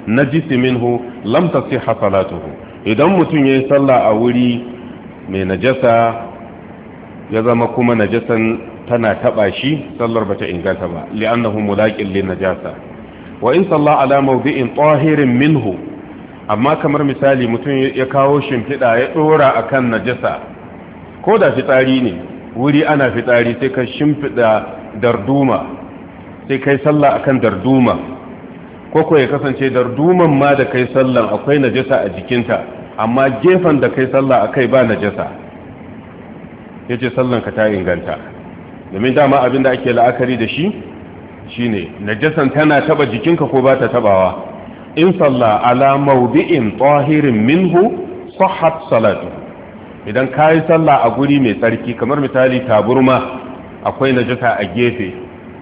S1: na minhu lam tasihha salatuhu idan mutum yayi sallah a wuri mai najasa ya zama kuma najasan tana taba shi sallar bata inganta ba li'annahu mulaqin lin najasa wa in salla ala mawdi'in tahirin minhu amma kamar misali mutum ya kawo shimfiɗa ya ɗora a kan najasa ko da fitsari ne wuri ana fitsari sai ka shimfiɗa darduma sai kai sallah akan darduma koko ya kasance darduman ma da kai sallan akwai najasa a jikinta amma gefen da kai sallah akai ba najasa yace sallan ka ta inganta domin dama abin da ake la'akari da shi shine najasan tana taba jikinka ko ba ta tabawa in salla ala maudi'in tsohirin minhu sahat salatu idan yi sallah a guri mai tsarki kamar misali taburma akwai najasa a gefe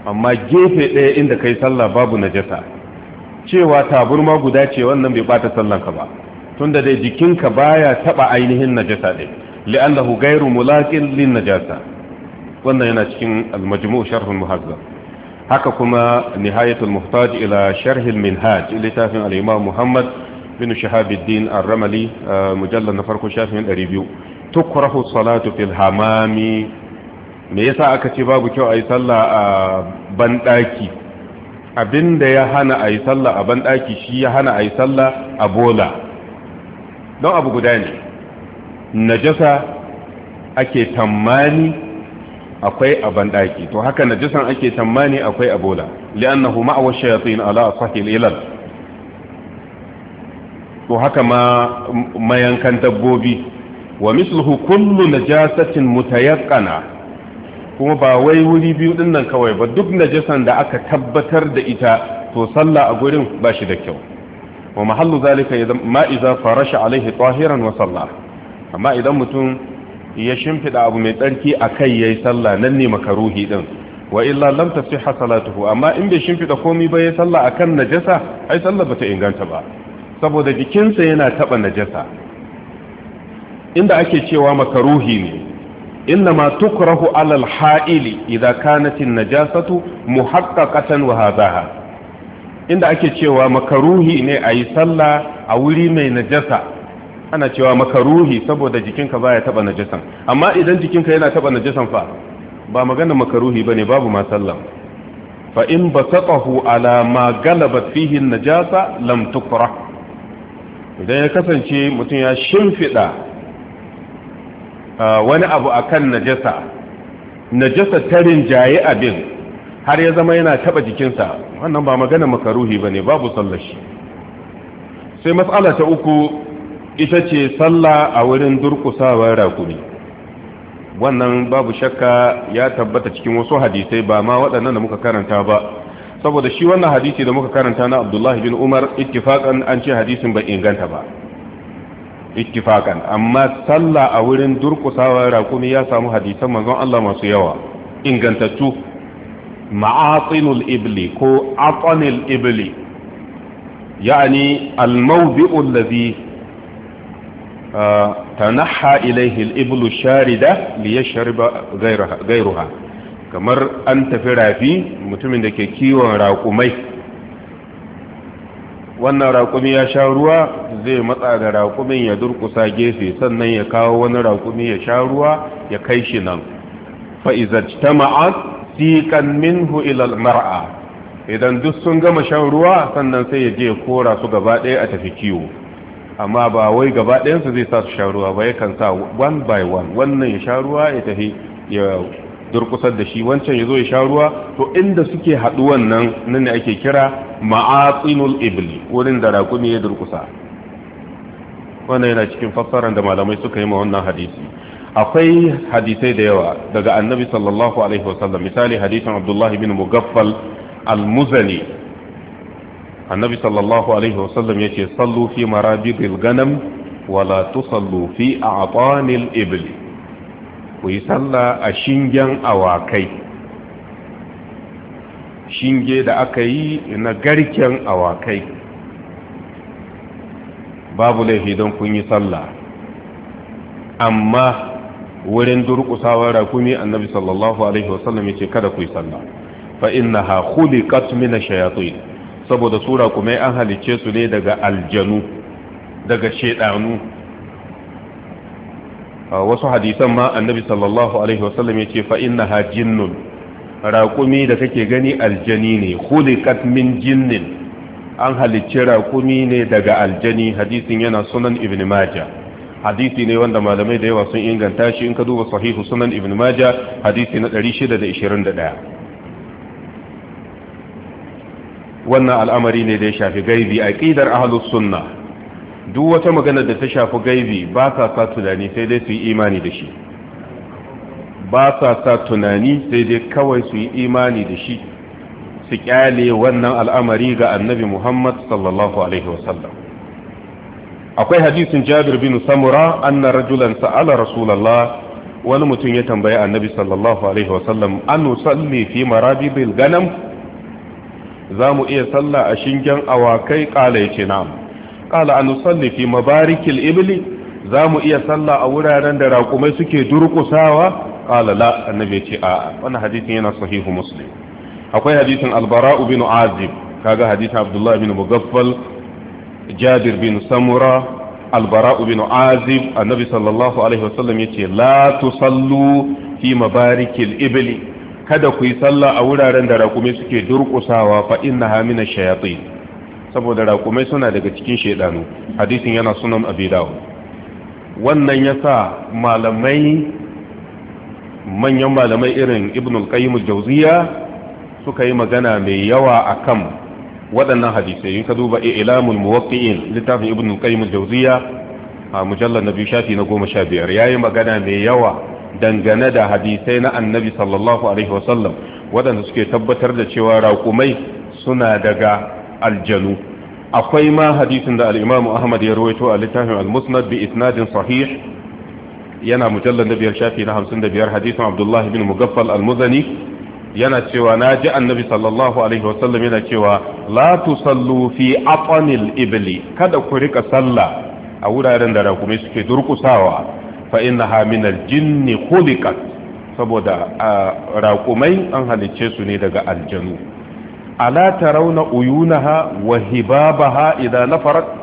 S1: amma gefe ɗaya inda kai sallah babu najasa cewa taburma guda ce wannan bai bata sallanka ba tunda dai jikinka baya taba ainihin najasa din li'annahu ghairu mulaqin lin najasa wannan yana cikin al-majmu' sharh al-muhazzab haka kuma nihayatul muhtaj ila sharh al-minhaj littafin al-imam muhammad bin shahabuddin ar-ramli mujallal na farko shafin 200 tukrahu salatu fil hamami me yasa aka ce babu kyau ayi sallah a bandaki abinda ya hana a yi sallah a banɗaki shi ya hana a yi sallah a bola don abu guda ne najasa ake tammani akwai a banɗaki to haka najasan ake tammani akwai a bola huma a li'annahu ya shayatin ala sahil ilal to haka ma mayankan dabbobi wa misluhu kullu najasatin mutayaqqana kuma ba wai wuri biyu din nan kawai ba duk najasan da aka tabbatar da ita to sallah a gurin ba shi da kyau wa mahallu zalika ma iza farasha alaihi tahiran wa sallah amma idan mutum ya shimfida abu mai tsarki akai yayi sallah nan ne makaruhi din wa illa lam tasihha salatuhu amma in bai shimfida komai ba yayi sallah akan najasa ai sallah bata inganta ba saboda jikinsa yana taba najasa inda ake cewa makaruhi ne ma إنما تكره على الحائل إذا كانت النجاسة محققة wahazaha. inda ake cewa makaruhi ne a yi sallah a wuri mai najasa ana cewa makaruhi saboda jikinka baya taba najasan amma idan jikinka yana taba najasan fa ba magana makaruhi bane babu ma sallah fa in basatahu ala ma galabat fihi an-najasa lam tukrah idan ya kasance mutum ya shimfiɗa. wani abu a kan najasa najasa ta rinjaye abin har ya zama yana taba jikinsa wannan ba magana makaruhi ba ne, babu sallashi sai matsala ta uku ita ce sallah a wurin durkusawar rakumi wannan babu shakka ya tabbata cikin wasu hadisai ba ma waɗannan da muka karanta ba saboda shi wannan hadisi da muka karanta na abdullahi bin umar ittifaqan an ce hadisin bai inganta ba ittifakan amma sallah a wurin durkusawa raƙumi ya samu hadisan manzon Allah masu yawa ingantattu ma'atinul ibli ko atanil ibli yani almawdi'u mawdiu alladhi uh, tanahha ilayhi aliblu iblu sharida li yashriba ghayraha kamar an tafi rafi mutumin da ke kiwon raƙumai wannan raƙumi ya sha ruwa zai matsa da raƙumin ya durƙusa gefe sannan ya kawo wani raƙumi ya sha ruwa ya kai shi nan fa'izar ta ma'ad siƙan minhu ilal mar'a idan duk sun gama shan ruwa sannan sai ya je ya kora su gaba ɗaya a tafi kiwo amma ba wai gaba ɗayansu zai sa su sha ruwa ba yakan sa one by one wannan ya sha ruwa ya tafi ya durƙusar da shi wancan ya zo ya sha ruwa to inda suke haɗu wannan nan ne ake kira ma'atsinul ibli wurin da raƙumi ya durkusa wannan yana cikin fassarar da malamai suka yi ma wannan hadisi akwai hadisai da yawa daga annabi sallallahu alaihi wasallam misali hadisin abdullahi bin mugaffal al-muzani annabi sallallahu alaihi wasallam yace sallu fi marabidil ganam wala tusallu fi a'tanil ibli ku yi sallah a shingen awakai shinge da aka yi na garken awakai babu laifi don kun yi sallah amma wurin durƙusawar rakumi annabi sallallahu alaihi wasallam ya ce kada ku yi sallah fa innaha khuliqat min ash-shayatin saboda sura kuma an halice su ne daga aljanu daga shedanu wasu hadisan ma annabi sallallahu alaihi wasallam ya ce fa innaha jinnun raƙumi da kake gani aljani ne khuliqat min jinnin an halicci raƙumi ne daga aljani hadisin yana sunan ibn majah hadisi ne wanda malamai da yawa sun inganta shi in ka duba sahihu sunan ibn majah hadisi na 621 wannan al'amari ne da ya shafi gaibi aqidar ahlus sunna duk wata magana da ta shafi gaibi ba sa tunani sai dai su yi imani da shi ba sa sa tunani sai dai kawai su yi imani da shi su kyale wannan al'amari ga annabi Muhammad sallallahu alaihi wasallam akwai hadisin Jabir bin Samura Annar rajulan sa'ala Rasulallah, wani mutum ya tambayi annabi sallallahu alaihi wasallam an nusalli fi marabibil ganam za mu iya salla a shingen awakai kala ce na'am kala an nusalli fi mabarikil ibli mu iya salla a wuraren da raƙumai suke durƙusawa qala la annabi ce a wannan hadisin yana sahihu muslim akwai hadisin albara bin azib kaga hadisin abdullah bin mugaffal jabir bin samura albara'u bin azib annabi sallallahu alaihi wasallam yace la tusallu fi mabarikil ibli kada ku yi sallah a wuraren da raƙumai suke durƙusawa fa na Hamina ash-shayatin saboda raƙumai suna daga cikin shaidanu hadisin yana sunan abi dawud wannan yasa malamai manyan malamai irin ibn qayyim al-jawziya suka yi magana mai yawa akan waɗannan hadisai in ka duba ilamul muwaqqi'in littafin ibn al-qayyim al-jawziya a mujallal nabi shafi na 15 yayi magana mai yawa dangane da hadisai na annabi sallallahu alaihi wasallam waɗanda suke tabbatar da cewa raƙumai suna daga aljanu akwai ma hadisin da al ahmad ya rawaito a littafin al-musnad bi isnadin sahih yana mujallar na biyar shafi na hamsin da biyar hadisin abdullah bin mugaffal almuzani yana cewa na ji annabi sallallahu alaihi wasallam yana cewa la tusallu fi aqanil ibli kada ku rika sallah a wuraren da rakumai suke durkusawa fa innaha min aljinn khuliqat saboda rakumai an halicce su ne daga aljanu ala tarawna uyunaha wa hibabaha na nafarat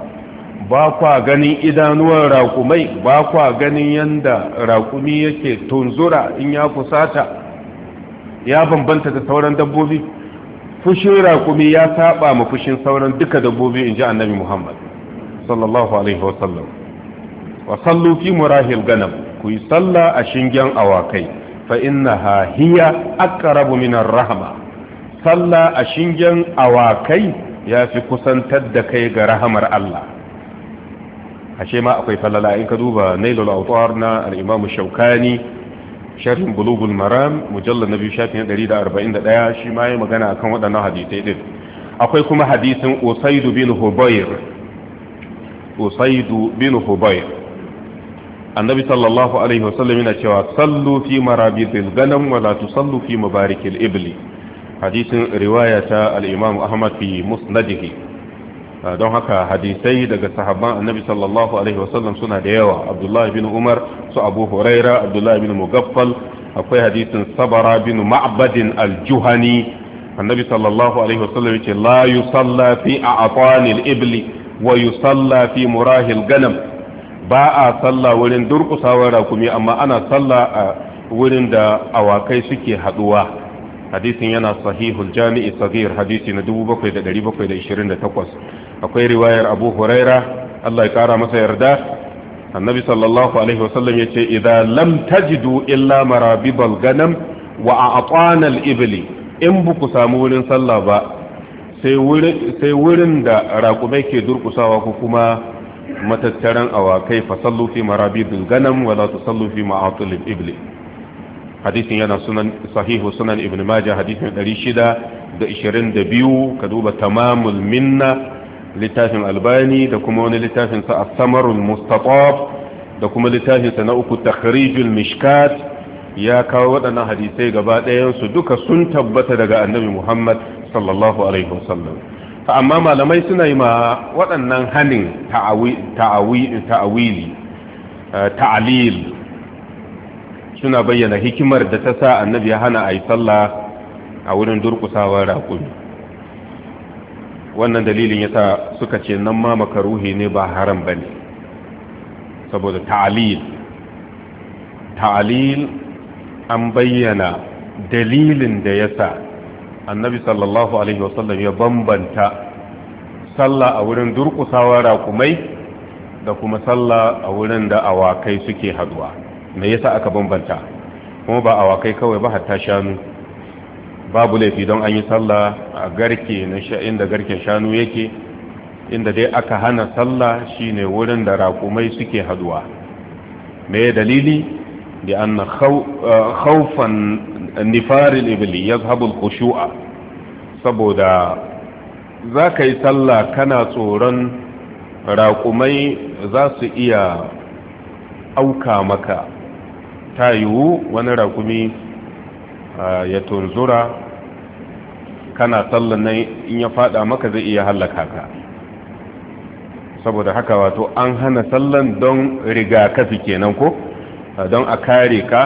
S1: ba kwa ganin idanuwar raƙumai ba kwa ganin yanda raƙumi yake tunzura in ya kusata ya bambanta da sauran dabbobi fushin raƙumi ya saba ma fushin sauran duka dabbobi in ji annabi muhammad sallallahu alaihi wasallam wa sallu fi murahil ganam ku yi salla a shingen awakai fa innaha hiya aqrabu min rahma salla a shingen awakai ya fi kusantar da kai ga rahamar Allah ashe ma akwai falala in ka duba nailul autar na al-imam shaukani sharhin bulugul maram mujallal nabi shafin 141 shi ma yayi magana akan waɗannan hadisai din akwai kuma hadisin usaid bin hubayr usaid bin hubayr annabi sallallahu alaihi wasallam yana cewa sallu fi marabidil ganam wa la tusallu fi mabarikil ibli hadisin riwaya ta al-imam ahmad fi musnadihi Ah, don haka hadisai daga sahabban annabi sallallahu alaihi wasallam suna da yawa abdullahi bin umar su abu huraira abdullahi bin mugaffal akwai hadisin sabara bin ma'badin aljuhani annabi sallallahu alaihi wasallam yace la yusalla fi a'tanil ibli wa yusalla fi murahil ganam ba a salla wurin durkusawar rakumi amma ana salla a wurin da awakai suke haduwa hadisin yana sahihul jami'i sagir hadisi na 7728 akwai riwayar abu huraira Allah ya kara masa yarda annabi sallallahu alaihi wasallam yace idza lam tajidu illa marabibal ganam wa a'tana ibli in buku samu wurin sallah ba sai wurin da raƙumai ke durkusawa ko kuma matattaran awakai fa sallu fi ganam wala tusallu fi ma'atul ibli hadisin yana sunan sahihu sunan ibn majah hadisin 622 ka duba tamamul minna littafin albani da kuma wani littafin sa samar samarul da kuma littafin sa na uku takhrijul mishkat ya kawo waɗannan hadisai gaba ɗayan su duka sun tabbata daga annabi Muhammad sallallahu alaihi wasallam amma malamai suna yi ma waɗannan hanin ta'awili eh, ta'alil suna bayyana hikimar da ta sa annabi ya hana a yi sallah a wurin durkusawar raƙumi wannan dalilin yasa suka ce nan ma makaruhi ne ba haram ba ne saboda ta'alil, ta'alil an bayyana dalilin da yasa annabi sallallahu alaihi wasallam ya bambanta sallah a wurin durkusawa raƙumai da kuma sallah a wurin da awakai suke haduwa me yasa aka bambanta kuma ba awakai kawai ba hatta shanu babu laifi don an yi sallah a garke na inda garken shanu yake inda dai aka hana sallah shine wurin da raƙumai suke haduwa me dalili da anna eh, khawfan nifaril ibli yazhabul khushu'a saboda za ka yi sallah kana tsoron raƙumai za su iya auka maka ta yiwu wani raƙumi eh, ya tunzura kana sallan nan in ya fada maka zai iya hallaka ka saboda haka wato an hana sallan don riga kafi kenan ko don a kare ka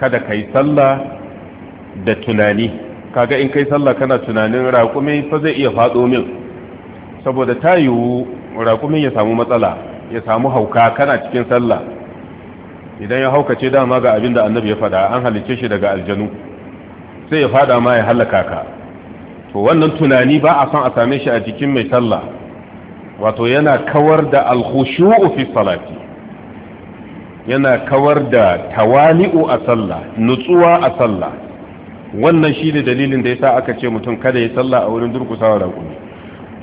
S1: kada ka yi sallah da tunani kaga in kai sallah kana tunanin raƙumi fa zai iya faɗo min saboda ta yiwu raƙumin ya samu matsala ya samu hauka kana cikin sallah idan ya haukace dama ga abin da annabi ya faɗa an halicce shi daga aljanu sai ya faɗa ma ya hallaka ka to wannan tunani ba a son a same shi a jikin mai sallah wato yana kawar da alkhushu'u fi salati yana kawar da tawali'u a sallah nutsuwa a sallah wannan shine dalilin da ya sa aka ce mutum kada ya sallah a wurin durkusawa da kuma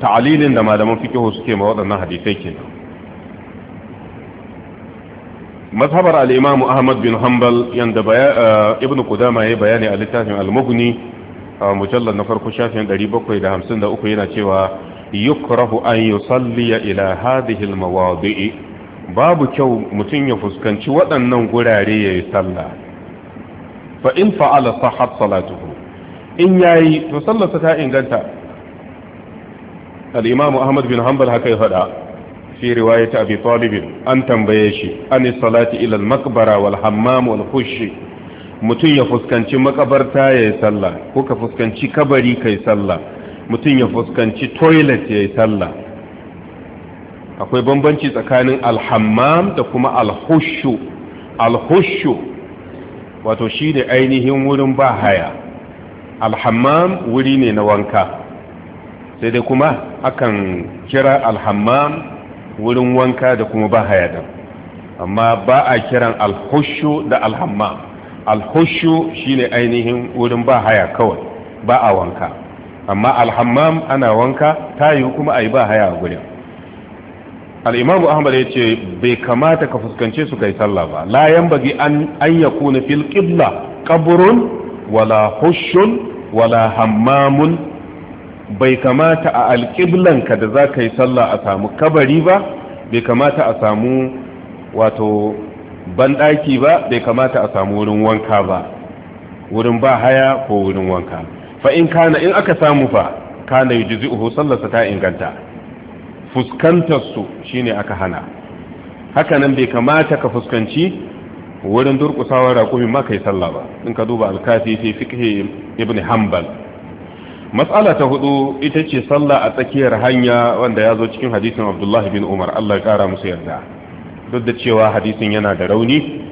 S1: ta'alilin da malaman fiqh suke ma waɗannan hadisai kenan mazhabar al-imam Ahmad bin Hanbal yanda eh, ibn Qudama yayi bayani a littafin al-Mughni a mujallar na farko shafin 753 yana cewa yukrahu an yusalliya ila hadhihi almawadi'i babu kyau mutum ya fuskanci waɗannan gurare yayi sallah fa in fa'ala sahhat salatuhu in yayi to sallarsa ta inganta al-imam Ahmad bin Hanbal haka ya faɗa fi riwayat Abi Talib an tambaye shi an salati ila al-maqbara wal hammam wal khushi mutum ya fuskanci makabarta ya yi sallah ko ka fuskanci kabari ka yi sallah mutum ya fuskanci toilet ya yi sallah akwai bambanci tsakanin alhammam da kuma alhushu alhushu wato shi ne ainihin wurin ba haya alhammam wuri ne na wanka sai dai kuma akan kira alhammam wurin wanka da kuma ba haya amma ba a kiran alhushu da alhammam alhushu shine ainihin wurin ba haya kawai ba a wanka amma alhammam ana wanka tayi kuma a yi ba haya a gurin al'imamu ahmad ya ce bai kamata ka fuskance su kai sallah ba layan bagi an ya kuna fil ƙibla qabrun wala hushun wala hammamun bai kamata a alƙiblanka da za ka yi sallah a samu kabari ba bai kamata a samu wato Ban banɗaki ba bai kamata a samu wurin wanka ba wurin ba haya ko wurin wanka fa in kana in aka samu fa kana yujzi'uhu sallarsa ta inganta fuskantar su shine aka hana haka nan bai kamata ka fuskanci wurin da raƙumi ma kai sallah ba in ka duba alkafi fi fiqh ibn hanbal matsala ta hudu ita ce sallah a tsakiyar hanya wanda ya zo cikin hadisin abdullahi bin umar allah ya ƙara musu yarda duk da cewa hadisin yana da rauni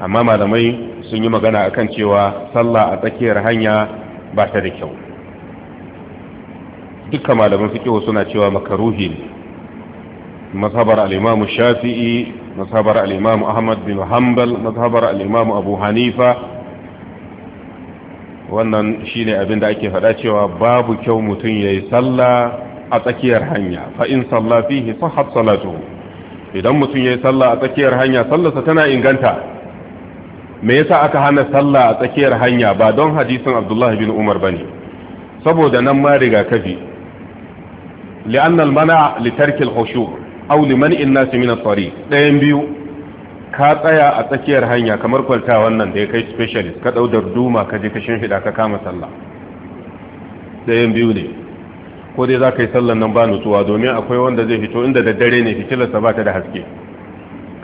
S1: amma malamai sun yi magana akan cewa sallah a tsakiyar hanya ba ta da kyau Duka malaman fiqh suna cewa makaruhi ne mazhabar alimamu shafi'i mazhabar alimamu ahmad bin hanbal mazhabar alimamu imam abu hanifa wannan shine abin da ake faɗa cewa babu kyau mutum yayi sallah a tsakiyar hanya fa in salla fihi sahhat idan mutum ya yi sallah a tsakiyar hanya sallarsa tana inganta me yasa aka hana sallah a tsakiyar hanya ba don hadisin abdullahi bin umar ba ne saboda nan ma rigakafi li'annal mana hushu, khushu aw liman innas min at-tariq dayan biyu ka tsaya a tsakiyar hanya kamar kwalta wannan da ya kai specialist ka dau darduma ka je ka shinfida ka kama sallah dayan biyu ne ko dai za ka yi sallan nan ba nutsuwa domin akwai wanda zai fito inda daddare ne fitilarsa ba ta da haske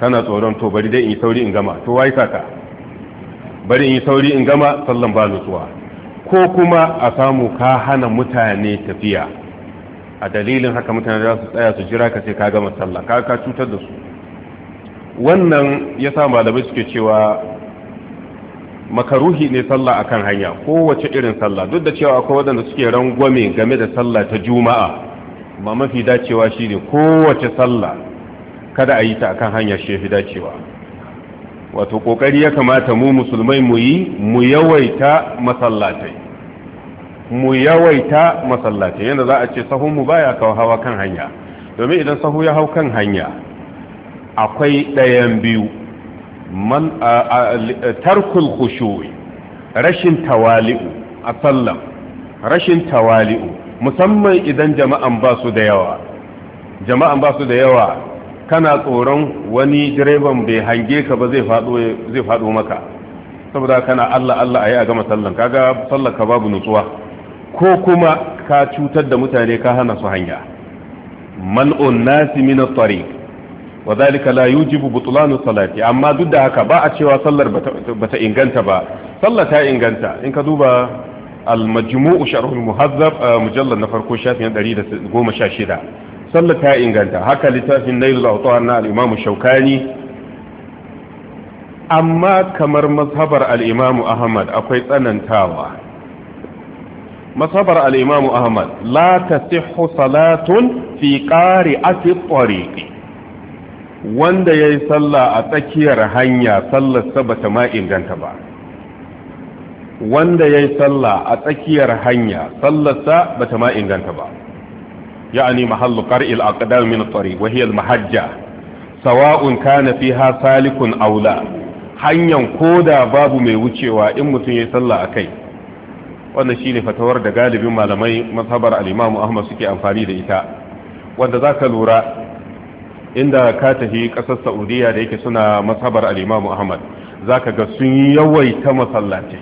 S1: kana tsoron to bari dai in yi sauri in gama to wai saka bari in yi sauri in gama sallan ba nutsuwa ko kuma a samu ka hana mutane tafiya a dalilin haka mutane za su tsaya su jira ka sai ka gama sallah ka ka cutar da su wannan ya sa malamai suke cewa makaruhi ne sallah akan hanya kowace irin sallah duk da cewa akwai waɗanda suke rangwame game da sallah ta juma'a ba mafi dacewa shine kowace sallah kada a yi ta akan hanya shi fi dacewa wato kokari ya kamata mu musulmai mu yi mu yawaita masallatai mu yawaita masallatai Yana za a ce sahun mu baya kawo hawa kan hanya domin idan sahu ya hau kan hanya akwai ɗayan biyu man tarkul khushu'i rashin tawali'u a sallam rashin tawali'u musamman idan jama'an ba su da yawa jama'an ba su da yawa kana tsoron wani direban bai hange ka ba zai faɗo maka saboda kana Allah Allah ayi a gama sallan kaga sallar ka babu nutsuwa ko kuma ka cutar da mutane ka hana su hanya man'un nasi min at-tariq wa zalika la yujibu butlanu salati amma duk da haka ba a cewa sallar bata inganta ba sallar ta inganta in ka duba al-majmu'u sharh al-muhazzab eh, mujallad na farko shafin 116 sallar ta inganta haka littafin nailul awtar na al-imam shaukani amma kamar mazhabar al-imam ahmad akwai tsanantawa mazhabar al-imam ahmad la tasihhu salatun fi qari'ati tariqi wanda ya yi sallah a tsakiyar hanya sallarsa ba ta ma inganta ba wanda ya yi sallah a tsakiyar hanya sallarsa ba ta ma inganta ba ya'ani mahallu qar'il aqdam min at-tariq mahajja sawa'un kana fiha salikun Aula la ko da babu mai wucewa in mutum ya yi sallah a wanda shi shine fatawar da galibin malamai mazhabar al Ahmad suke amfani da ita wanda za ka lura inda ka tafi ƙasar saudiya da yake suna masabar al'imamu ahmad zaka ga sun yawaita masallace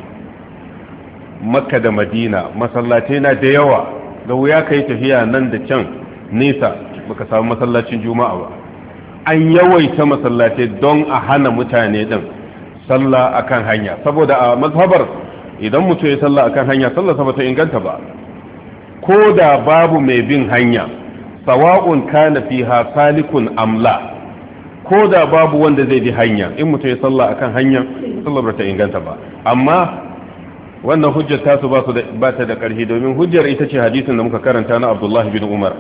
S1: makka da madina masallace na da yawa da wuya kai tafiya nan da can nesa baka samu masallacin juma'a ba an yawaita masallace don a hana mutane din sallah akan hanya saboda a mazhabar idan mutum ya sallah akan hanya sallah saboda inganta ba ko da babu mai bin hanya sawa'un kana fiha salikun amla ko da babu wanda zai bi hanya in mutum ya salla akan hanya sallar ba ta inganta ba amma wannan hujjar tasu ba su ba ta da ƙarfi domin hujjar ita ce hadisin da muka karanta na Abdullah bin Umar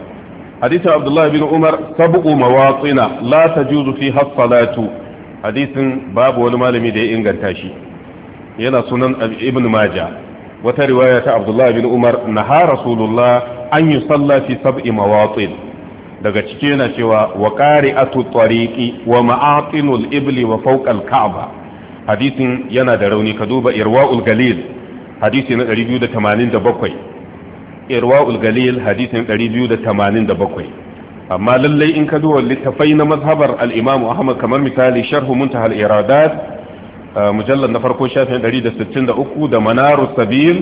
S1: hadisin Abdullah bin Umar sab'u mawaqina la tajuzu fi hasalatu hadisin babu wani malami da ya inganta shi yana sunan Ibn Majah wata riwaya ta abdullahi bin umar naha rasulullah an yi fi sab'i mawatin daga cike yana cewa wa qari'atu tariqi wa ma'atinul ibli wa fawqal ka'ba hadisin yana da rauni ka duba irwaul galil hadisi na 287 irwaul galil hadisin 287 amma lallai in ka duba littafai na mazhabar al-imam ahmad kamar misali sharhu, muntahal iradat mujallar na farko shafin 163 da manaru sabil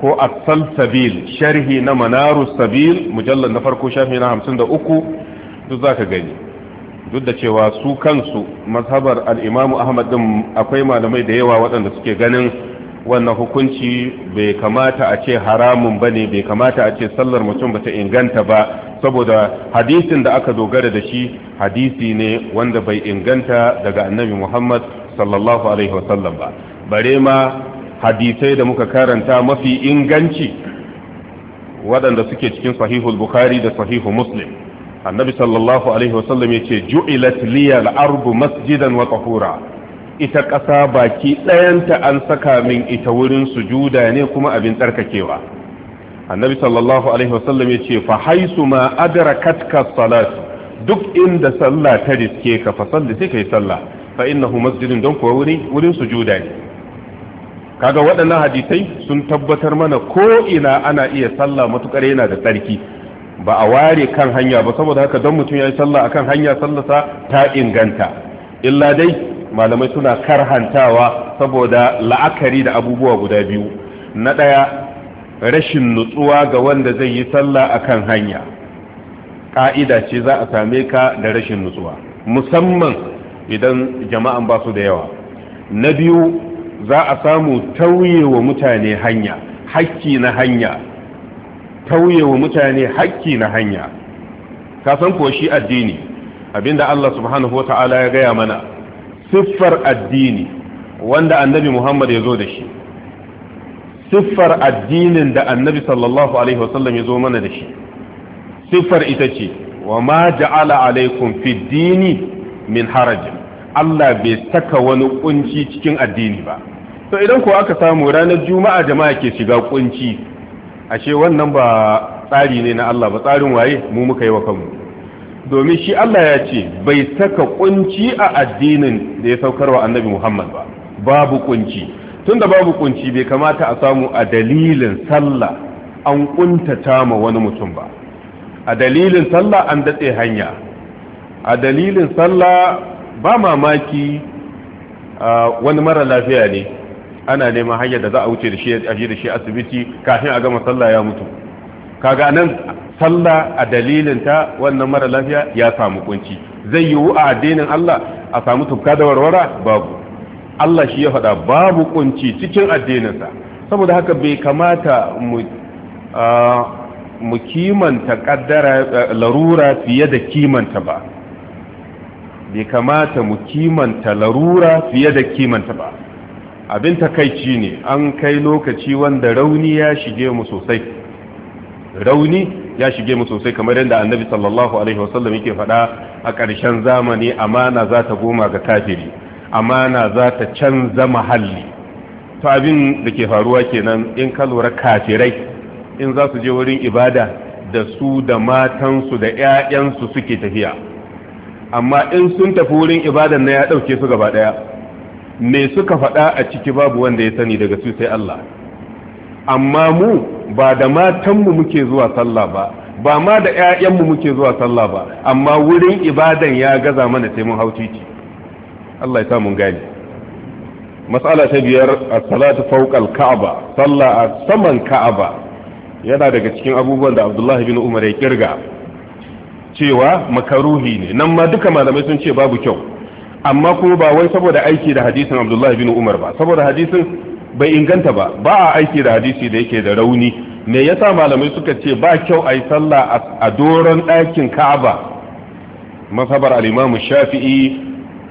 S1: ko asal sabil sharhi na manaru sabil mujallar na farko shafin na 53 duk za ka gani duk da cewa su kansu mazhabar al'imamu ahmad din akwai malamai da yawa waɗanda suke ganin wannan hukunci bai kamata a ce haramun ba ne bai kamata a ce sallar mutum ba ta inganta ba saboda hadisin da aka dogara da shi hadisi ne wanda bai inganta daga annabi muhammad sallallahu alaihi wasallam ba bare ma hadisai da muka karanta mafi inganci waɗanda suke cikin sahihul bukhari da sahihu muslim annabi sallallahu alaihi wasallam ya ce ju'ilat al ardu masjidan wa tahura ita ƙasa baki ɗayanta an saka min ita wurin sujuda ne kuma abin tsarkakewa annabi sallallahu alaihi wasallam ya ce fa haisu ma adrakatka salatu duk inda sallah ta riske ka fa salli sai kai sallah fa innahu masjidun don kuwa wuri wurin sujuda ne kaga waɗannan hadisai sun tabbatar mana ko ina ana iya sallah matukar yana da tsarki ba a ware kan hanya ba saboda haka don mutum ya yi sallah akan hanya sallasa ta inganta illa dai malamai suna karhantawa saboda la'akari da abubuwa guda biyu na ɗaya rashin nutsuwa ga wanda zai yi sallah akan hanya ƙa'ida ce za a same ka da rashin nutsuwa musamman idan jama'an ba su da yawa na biyu za a samu tauyewa mutane hanya hakki na hanya tauyewa mutane hakki na hanya ka san ko shi addini abinda Allah subhanahu wata'ala ya gaya mana siffar addini wanda annabi Muhammad ya zo da shi siffar addinin da annabi sallallahu alaihi wasallam ya zo mana da shi siffar ita ce wa ma ja'ala alaikum fi dini min harajin Allah bai saka wani kunci cikin addini ba to idan ko aka samu ranar juma'a jama'a ke shiga kunci ashe wannan ba tsari ne na Allah ba tsarin waye mu muka yi wa kanmu domin shi Allah ya ce bai saka kunci a addinin da ya saukarwa annabi Muhammad ba babu kunci tunda babu kunci bai kamata a samu a dalilin sallah an kuntata ma wani mutum ba a dalilin sallah an datse hanya a dalilin sallah ba mamaki wani mara lafiya ne ana neman hanyar da za a wuce da shi a da shi asibiti kafin a gama sallah ya mutu kaga nan sallah a dalilin ta wannan mara lafiya ya samu kunci zai yiwu a addinin Allah a samu tufka da warwara babu Allah shi ya faɗa babu kunci cikin addininsa saboda haka bai kamata mu mu kimanta kaddara larura fiye da kimanta ba bai kamata mu kimanta larura fiye da kimanta ba abin takaici ne an kai lokaci wanda rauni ya shige mu sosai rauni ya shige mu sosai kamar yadda annabi sallallahu alaihi wasallam yake faɗa a ƙarshen zamani amana za ta goma ga kafiri amana za ta canza mahalli to abin da ke faruwa kenan in ka lura kafirai in za su je wurin ibada da su da matansu da 'ya'yansu suke tafiya amma in sun tafi wurin ibadan na ya ɗauke su gaba ɗaya me suka faɗa a ciki babu wanda ya sani daga su sai Allah amma mu ba da matanmu muke zuwa sallah ba ba ma da 'ya'yanmu muke zuwa sallah ba amma wurin ibadan ya gaza mana sai mun hautici Allah ya sa mun gane mas'ala ta biyar as-salatu fawqa al-ka'aba sallah a saman ka'aba yana daga cikin abubuwan da Abdullah bin Umar ya kirga cewa makaruhi ne nan ma duka malamai sun ce babu kyau amma kuma ba wai saboda aiki da hadisin abdullahi bin umar ba saboda hadisin bai inganta ba ba a aiki da hadisi da yake da rauni me yasa malamai suka ce ba kyau a yi sallah a doron ɗakin ka'aba mazhabar al-imam shafi'i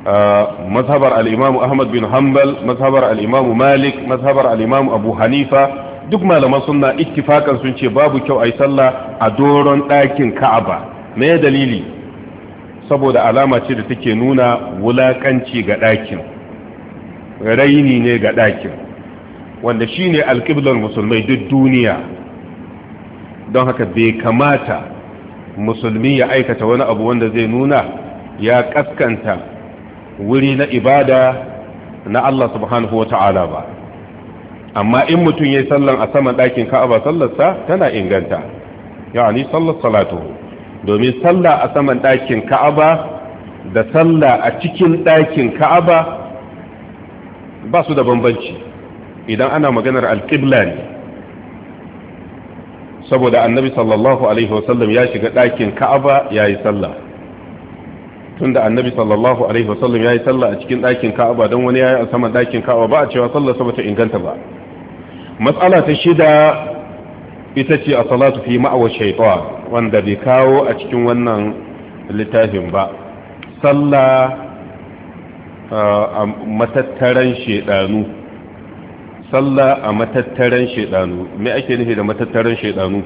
S1: uh, mazhabar al-imam ahmad bin hanbal mazhabar al-imam malik mazhabar al-imam abu hanifa duk malaman sunna ittifakan sun ce babu kyau a yi sallah a doron ɗakin ka'aba me dalili saboda alama ce da take nuna wulakanci ga ɗakin raini ne ga ɗakin wanda shi ne alƙiblar musulmai duk duniya don haka bai kamata musulmi ya aikata wani abu wanda zai nuna ya ƙaskanta wuri na ibada na Allah subhanahu wa ta'ala ba amma in mutum ya yi sallan a saman ɗakin ka'aba sallarsa tana inganta ya'ani sallar salatu domin sallah a saman ɗakin ka'aba da sallah a cikin ɗakin ka'aba ba su da bambanci idan ana maganar alƙibla ne saboda annabi sallallahu alaihi wasallam ya shiga ɗakin ka'aba ya yi sallah tun da annabi sallallahu alaihi wasallam ya yi sallah a cikin ɗakin ka'aba don wani ya yi a saman ɗakin ka'aba ba a cewa sallah saboda inganta ba matsala ta shida ita ce a salatu fi ma'awar shaitan wanda bai kawo a cikin wannan littafin ba sallah a matattaran shaidanu salla a matattaren shaidanu mai ake nufi da matattaran shaidanu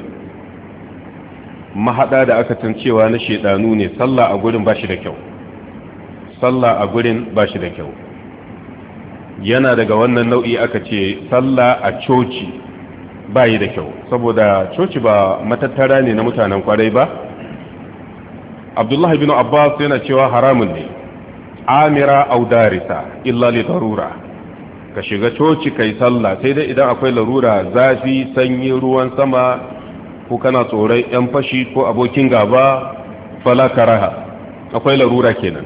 S1: mahada da aka cewa na shaidanu ne salla a gurin ba shi da kyau sallah a gurin ba shi da kyau yana daga wannan nau'i aka ce sallah a coci bayi da kyau saboda coci ba matattara ne na mutanen kwarai ba abdullahi bin abbas yana cewa haramun ne amira audarisa darisa illa li darura ka shiga coci kai sallah sai dai idan akwai larura zafi sanyi ruwan sama ko kana tsoron yan fashi ko abokin gaba fala karaha akwai larura kenan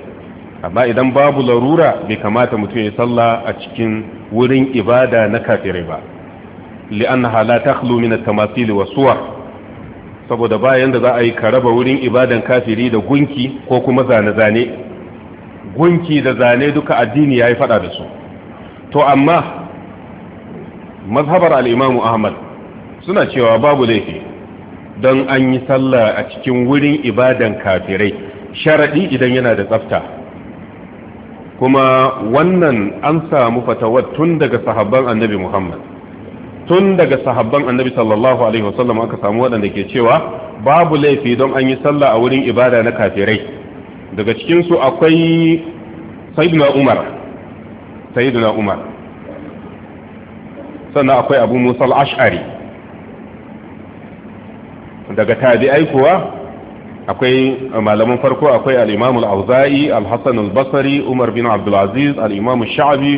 S1: amma idan babu larura bai kamata mutum ya sallah a cikin wurin ibada na kafirai ba Li'an la takhlu min at-tamathil suwar saboda bayan da za a yi karaba wurin ibadan kafiri da gunki ko kuma zane-zane gunki da zane duka addini ya yi fada da su to amma mazhabar al ahmad suna cewa babu laifi don an yi sallah a cikin wurin ibadan kafirai sharaɗi idan yana da tsafta kuma wannan an samu fatawar tun daga sahabban annabi muhammad tun daga sahabban annabi sallallahu alaihi wasallam aka samu waɗanda ke cewa babu laifi don an yi sallah a wurin ibada na kafirai daga cikinsu akwai sayyidina umar sayyidina umar sannan akwai abu musa al-ash'ari daga tabi'ai kuwa akwai malamin farko akwai al-imam al-auza'i al-hasan al-basri umar bin abdul aziz al-imam sha'bi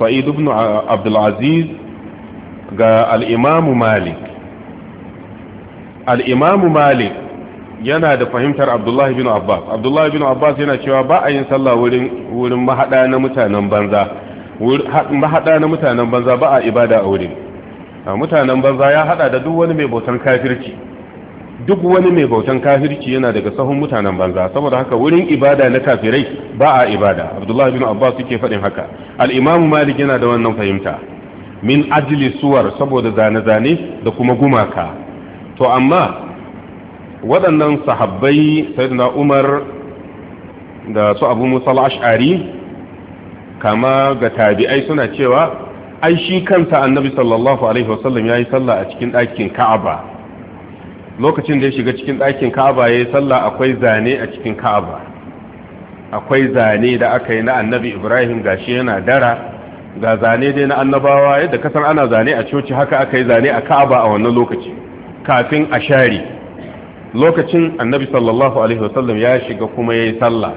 S1: sa'id ibn abdul aziz ga al'imamu malik al'imamu malik yana da fahimtar abdullahi bin abbas abdullahi bin abbas yana cewa ba a yin sallah wurin mahaɗa na mutanen banza mahaɗa na mutanen banza ba a ibada a wurin A mutanen banza ya haɗa da duk wani mai bautan kafirci duk wani mai bautan kafirci yana daga sahun mutanen banza saboda haka wurin ibada na kafirai ba a ibada abdullahi bin abbas suke faɗin haka al'imamu malik yana da wannan fahimta min ajli suwar saboda zane-zane da kuma gumaka to amma waɗannan sahabbai sayyidina umar da su abu musa ash'ari kama ga tabi'ai suna cewa ai shi kanta annabi sallallahu alaihi wasallam ya yi sallah a cikin ɗakin ka'aba lokacin da ya shiga cikin ɗakin ka'aba ya yi sallah akwai zane a cikin ka'aba akwai zane da aka yi na annabi ibrahim gashi yana dara ga zane dai na annabawa yadda kasar ana zane a coci haka aka yi zane a ka'aba a wannan lokaci kafin a share lokacin annabi sallallahu alaihi wasallam ya shiga kuma ya yi sallah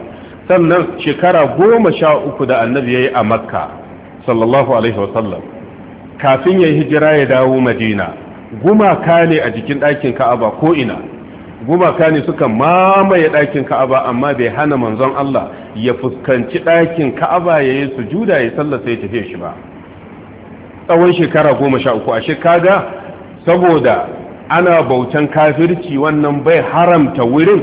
S1: sannan shekara goma sha uku da annabi ya yi a makka sallallahu alaihi wasallam kafin ya yi hijira ya dawo madina gumaka ne a jikin ɗakin ka'aba ko ina gumaka ne suka mamaye ɗakin ka'aba amma bai hana manzon Allah ya fuskanci ɗakin ka'aba ya yi sujuda ya sallasa sai tafiye shi ba tsawon shekara goma sha uku a kaga saboda ana bautan kafirci wannan bai haramta wurin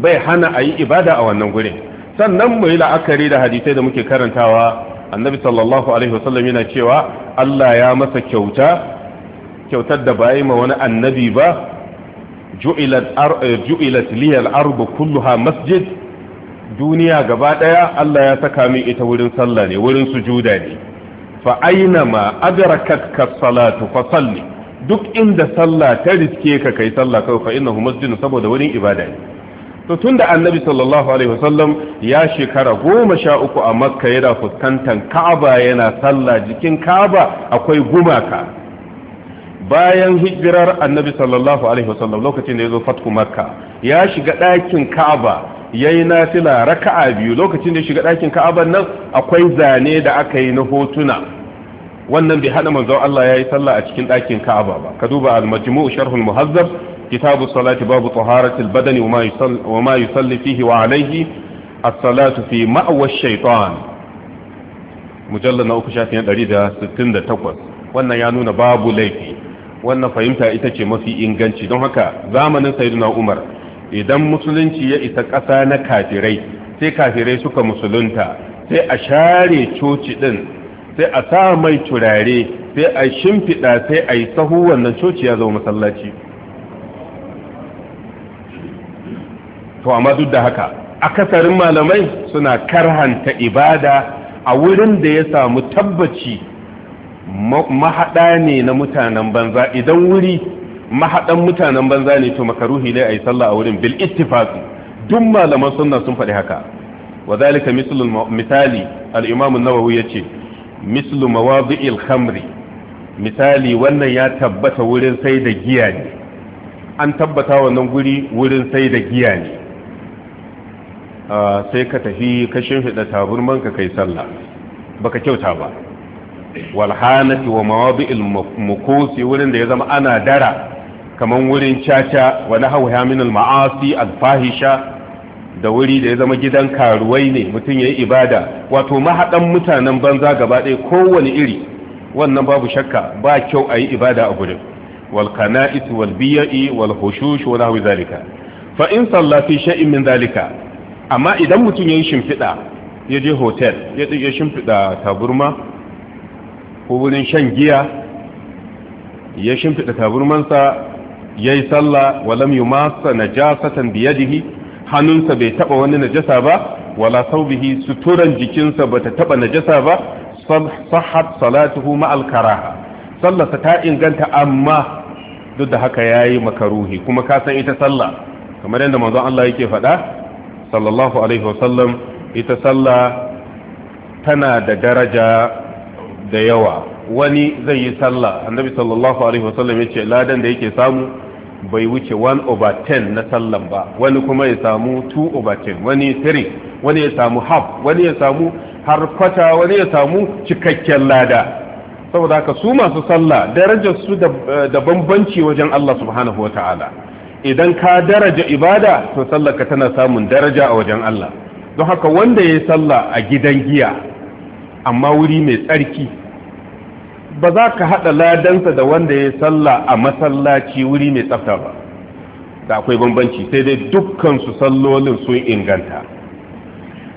S1: bai hana a yi ibada a wannan wurin. sannan mu yi la'akari da hadisai da muke karantawa annabi sallallahu alaihi wasallam yana cewa Allah ya masa kyauta kyautar da ba yi ma wani annabi ba Eh, ju'ilat liyal ardu kulluha masjid duniya gaba daya Allah ya saka min ita wurin sallah ne wurin sujuda ne fa aina ma adrakatka salatu fa salli duk inda sallah ta riske ka kai sallah kai fa innahu masjid saboda wurin ibada ne to tunda annabi sallallahu alaihi wasallam ya shekara goma sha uku a makka yana fuskantar ka'aba yana sallah jikin ka'aba akwai gumaka bayan hijirar annabi sallallahu alaihi wasallam lokacin da ya zo fatku makka ya shiga ɗakin ka'aba ya yi nafila raka'a biyu lokacin da ya shiga ɗakin ka'aba nan akwai zane da aka yi na hotuna wannan bai hana manzon Allah ya yi sallah a cikin ɗakin ka'aba ba ka duba al-majmu' sharhul muhazzab kitabu salati babu taharati al-badani wa ma yusalli fihi wa alayhi as-salatu fi ma'wa ash-shaytan mujallad na 3 shafin 168 wannan ya nuna babu laifi wannan fahimta ita ce mafi inganci don haka zamanin sayyidina umar idan musulunci ya isa ƙasa na kafirai sai kafirai suka musulunta sai a share coci ɗin, sai a sa mai turare sai a shimfiɗa sai a yi sahu wannan coci ya zama masallaci to amma duk da haka akasarin malamai suna karhanta ibada a wurin da ya samu tabbaci mahaɗa ne na mutanen banza idan wuri mahaɗan mutanen banza ne to makaruhi ne a yi sallah a wurin bil ittifaqi duk malaman sunna sun faɗi haka wa zalika misali al-imam an-nawawi yace mislu mawadi'il khamri misali wannan ya tabbata wurin sai da giya ne an tabbata wannan guri wurin sai da giya ne ah, sai ka tafi ka shimfiɗa taburman ka kai sallah baka kyauta ba walhanati wa mawadi'il mukusi wurin da ya zama ana dara kamar wurin caca wa nahawha al ma'asi alfahisha, da wuri da ya zama gidan karuwai ne mutum yayi ibada wato mahaɗan mutanen banza gaba ɗaya kowane iri wannan babu shakka ba kyau yi ibada a gurin wal qana'is wal biya'i wal wa zalika fa in sallafi fi min zalika amma idan mutum yi shimfiɗa, ya je hotel ya shimfiɗa taburma ko wurin shan giya ya shimfiɗa taburmansa ya yi sallah walam yi masa najasatan biyadihi hannunsa bai taɓa wani najasa ba wala saubihi suturan jikinsa ba ta taɓa najasa ba sahat salatuhu ma'al karaha sallarsa ta inganta amma duk da haka ya yi makaruhi kuma ka san ita sallah kamar yadda manzon Allah yake faɗa sallallahu alaihi wasallam ita sallah tana da daraja da yawa wani zai yi sallah annabi sallallahu alaihi wasallam yace ladan da yake samu bai wuce 1 over 10 na sallan ba wani kuma ya samu 2 over 10 wani 3 wani ya samu half wani ya samu har kwata wani ya samu cikakken lada saboda haka su masu sallah darajar su da bambanci wajen Allah subhanahu wataala idan ka daraja ibada to sallarka tana samun daraja a wajen Allah don haka wanda ya yi sallah a gidan giya amma wuri mai tsarki ba za ka haɗa ladansa da wanda ya salla a masallaci wuri mai tsafta ba da akwai bambanci sai dai dukkansu sallolin sun inganta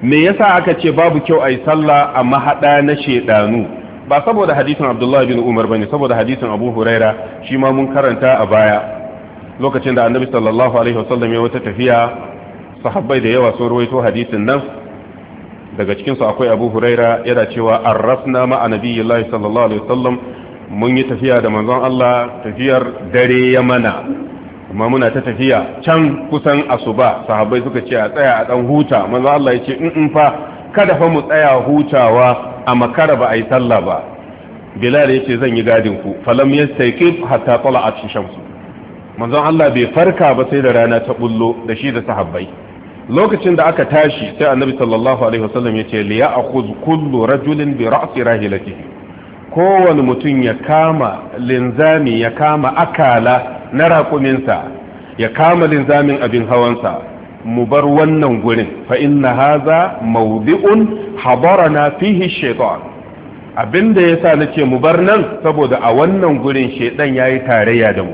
S1: me yasa aka ce babu kyau a yi salla a mahaɗa na shedanu ba saboda hadisin abdullahi bin umar bane saboda hadisin abu huraira shi ma mun karanta a baya lokacin da annabi sallallahu alaihi wasallam ya wata tafiya sahabbai da yawa sun rawaito hadisin nan daga cikinsu akwai abu huraira yana cewa arrafna ma'a nabiyyillahi sallallahu alaihi wasallam mun yi tafiya da manzon Allah tafiyar dare ya mana amma muna ta tafiya can kusan asuba sahabbai suka ce a tsaya a dan huta manzon Allah ya ce in in fa kada fa mu tsaya hutawa a makara ba a yi sallah ba bilal ya ce zan yi gadin ku falam yastaqib hatta tala'at shamsu manzon Allah bai farka ba sai da rana ta bullo da shi da sahabbai lokacin da aka tashi sai annabi sallallahu alaihi wasallam ya ce liya a kullu rajulin bi ra'si rahilatihi kowane mutum ya kama linzami ya kama akala na raƙuminsa ya kama linzamin abin hawansa mu bar wannan gurin fa inna haza mawdi'un habarana fihi shaytan abinda yasa nace mu bar nan saboda a wannan gurin shaytan yayi tarayya da mu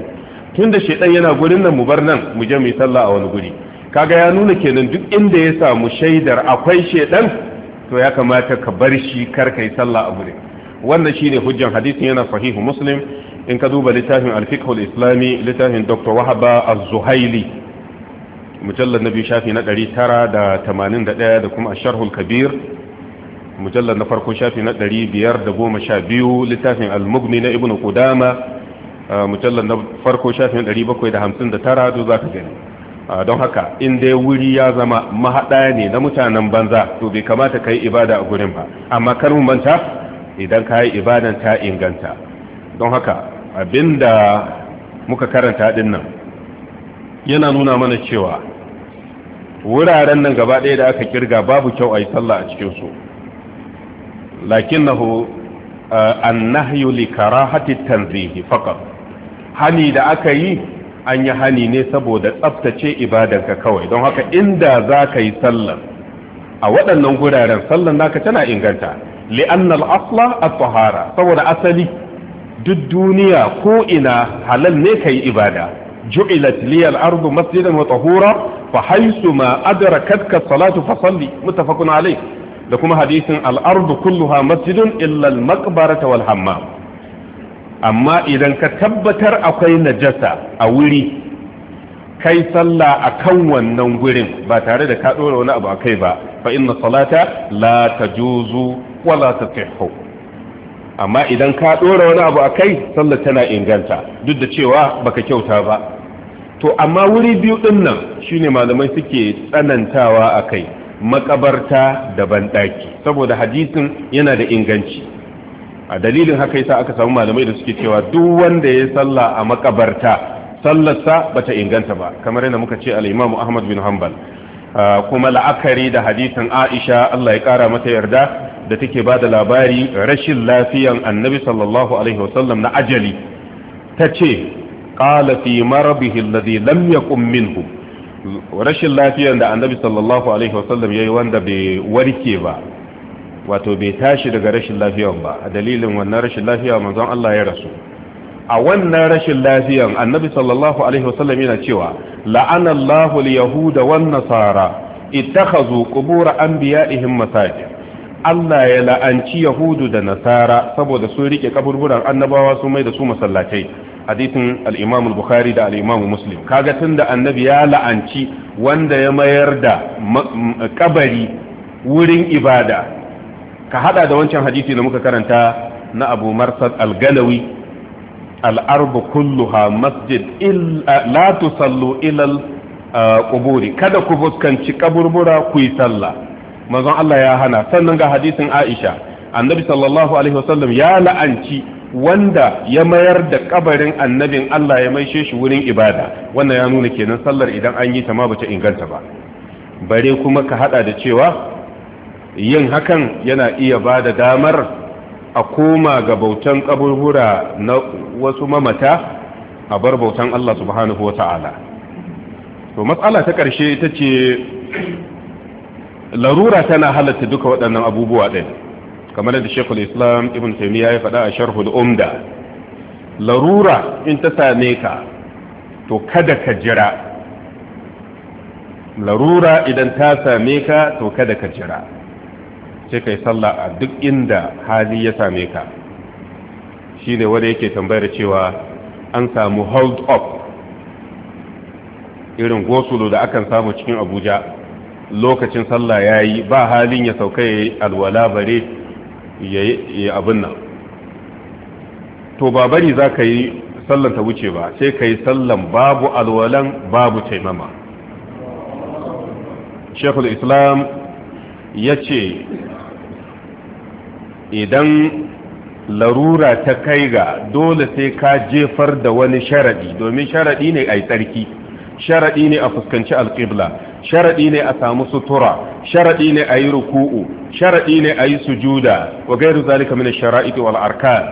S1: tunda shaytan yana gurin nan mu bar nan mu je mu sallah a wani guri kaga ya nuna kenan duk inda ya samu shaidar akwai shedan to ya kamata ka bar shi kar kai sallah abu ne wannan shine hujjan hadisin yana sahihu muslim in ka duba littafin al-fiqh al-islami littafin dr wahaba az-zuhaili mujallad na biyu shafi na 981 da kuma ash-sharh kabir mujallad na farko shafi na 512 littafin al-mughni na ibnu qudama mujallad na farko shafi na 759 za ka gani Ah, don haka in dai wuri ya zama mahaɗa ne na mutanen banza to bai kamata ka yi ibada a gurin ba amma kar mu manta idan ka yi ibadan ta inganta don haka abinda muka karanta din nan yana nuna mana cewa wuraren nan gaba ɗaya da aka kirga babu kyau a yi sallah a cikinsu lakinnahu ah, annahyu li karahati tanzihi faqat hani da aka yi an yi hani ne saboda tsaftace ibadanka kawai don haka inda za ka yi sallar a waɗannan guraren sallar naka tana inganta li'annal asla a tahara saboda asali duk duniya ko ina halal ne yi ibada ju'ilat liyal ardu masjidan wa tahura fa haisu ma adrakatka salatu fa salli muttafaqun alayh da kuma hadisin al-ardu kulluha masjidun illa al-maqbarata wal hammam amma idan ka tabbatar akwai najasa a wuri kai sallah a kan wannan gurin ba tare da ka ɗora wani abu a kai ba fa inna salata la ta juzu la ta amma idan ka ɗora wani abu a kai sallah tana inganta duk da cewa baka kyauta ba to amma wuri biyu ɗin nan shine malamai suke tsanantawa a kai makabarta da banɗaki saboda hadisin yana da inganci a dalilin haka yasa aka samu malamai da suke cewa duk wanda ya sallah a makabarta sallarsa bata inganta ba kamar yadda muka ce al-Imam Ahmad bin Hanbal kuma la'akari da hadisin Aisha Allah ya kara mata yarda da take ba da labari rashin lafiyan annabi sallallahu alaihi wasallam na ajali ta ce qala fi marabihi alladhi lam yaqum minhu rashin lafiyan da annabi sallallahu alaihi wasallam yayi wanda bai warke ba wato bai tashi daga rashin lafiyan ba a dalilin wannan rashin lafiya manzon Allah ya rasu a wannan rashin lafiyan annabi sallallahu alaihi wasallam yana cewa la'ana Allahu al-yahuda wan nasara ittakhazu qubur anbiya'ihim masajid Allah ya la'anci yahudu da nasara saboda sun rike kaburburan annabawa su mai da su masallatai hadisin al-imam al-bukhari da al-imam muslim kaga tunda annabi ya la'anci wanda ya mayar da kabari wurin ibada ka hada da wancan hadisi da muka karanta na abu marsad al-galawi al-arbu kulluha masjid la tusallu ilal quburi kada ku fuskanci kaburbura ku yi sallah manzon Allah ya hana sannan ga hadisin Aisha annabi sallallahu alaihi wasallam ya la'anci wanda ya mayar da kabarin annabin Allah ya maishe shi wurin ibada wannan ya nuna kenan sallar idan an yi ta ma bata inganta ba bare kuma ka hada da cewa yin hakan yana iya ba da damar a koma ga bautan kaburbura na wasu mamata a bar bautan Allah subhanahu wa ta'ala to matsala ta ƙarshe ita ce larura tana halatta duka waɗannan abubuwa ɗin kamar da shekul islam ibn taimiyya ya faɗa a sharhul umda larura in ta same ka to kada ka jira larura idan ta same ka to kada ka jira sai kai sallah a duk inda hali ya same ka Shi ne wadda yake tambayar cewa an samu hold up irin gosulo da akan samu cikin abuja lokacin sallah ya yi ba halin ya sauka ya yi alwala bare ya yi abin nan to ba bari za ka yi sallan ta wuce ba sai ka yi sallan babu alwalan babu taimama shekul islam ya ce idan larura ta kai ga dole sai ka jefar da wani sharaɗi domin sharaɗi ne a tsarki sharaɗi ne a fuskanci alƙibla sharaɗi ne a samu sutura sharaɗi ne a yi ruku'u sharaɗi ne a yi sujuda wa gairu zalika min shara'iti wal arkan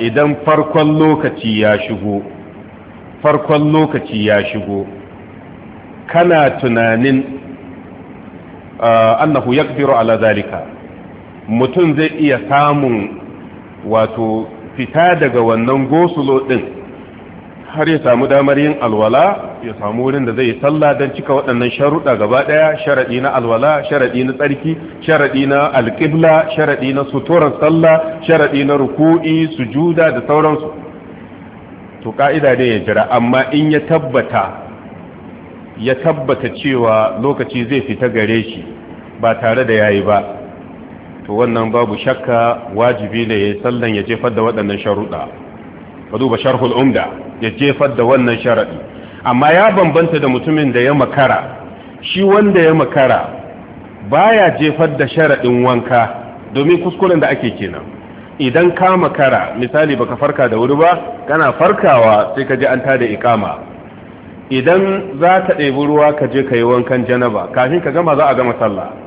S1: idan farkon lokaci ya shigo farkon lokaci ya shigo kana tunanin annahu yaqdiru ala zalika mutum zai iya samun wato fita daga wannan gosulo ɗin har ya samu damar yin alwala ya samu wurin da zai yi sallah don cika waɗannan sharuɗa gaba ɗaya sharaɗi na alwala sharaɗi na tsarki sharaɗi na alƙibla sharaɗi na suturan sallah sharaɗi na ruku'i sujuda da sauransu to ka'ida ne ya jira amma in ya tabbata ya tabbata cewa lokaci zai fita gare shi ba tare da yayi ba to wannan babu shakka wajibi ne ya sallan ya jefar da waɗannan sharuɗa ka duba sharhul umda ya jefar da wannan sharaɗi amma ya bambanta da mutumin da ya makara shi wanda ya makara baya jefar da sharaɗin wanka domin kuskuren da ake kenan idan ka makara misali baka farka da wuri ba kana farkawa sai ka ji an tada ikama idan za ka ɗebi ruwa ka je ka yi wankan janaba kafin ka gama za a gama sallah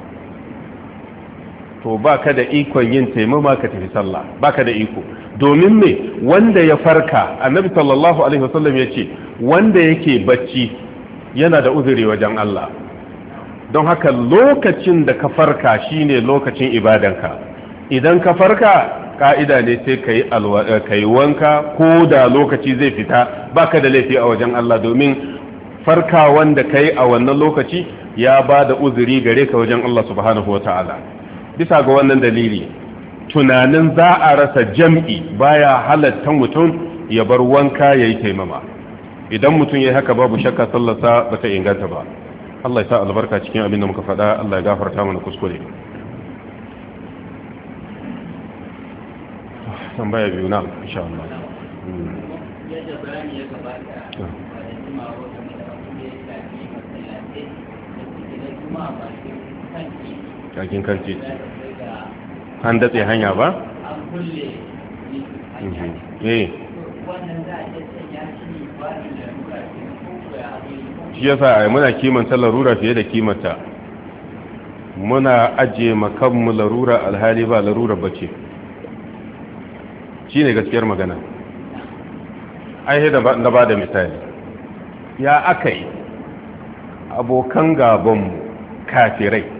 S1: to baka da ikon yin taimama ka tafi sallah baka da iko domin me wanda ya farka annabi sallallahu alaihi wasallam ya ce wanda yake bacci yana da uzuri wajen Allah don haka lokacin da ka farka shine lokacin ibadanka idan ka farka ka'ida ne sai ka yi eh, wanka ko da lokaci zai fita baka da laifi a wajen Allah domin farka wanda ka yi a wannan lokaci ya ba da uzuri gare ka wajen Allah subhanahu wa ta'ala bisa ga wannan dalili tunanin za a rasa jam'i baya halatta mutum ya bar wanka ya yi taimama idan mutum ya haka babu shakka sallasa ba ta inganta ba Allah ya sa albarka cikin abin da muka faɗa Allah ya gafarta mana kuskure Come on, buddy. cikin kan titi an datse hanya ba? Mhm. eh shi sa a muna kimanta larura fiye da kimanta muna ajiye makammu larura alhali ba larura bace shi ne gaskiyar magana ai da ba da misali ya aka yi abokan gabanmu kafirai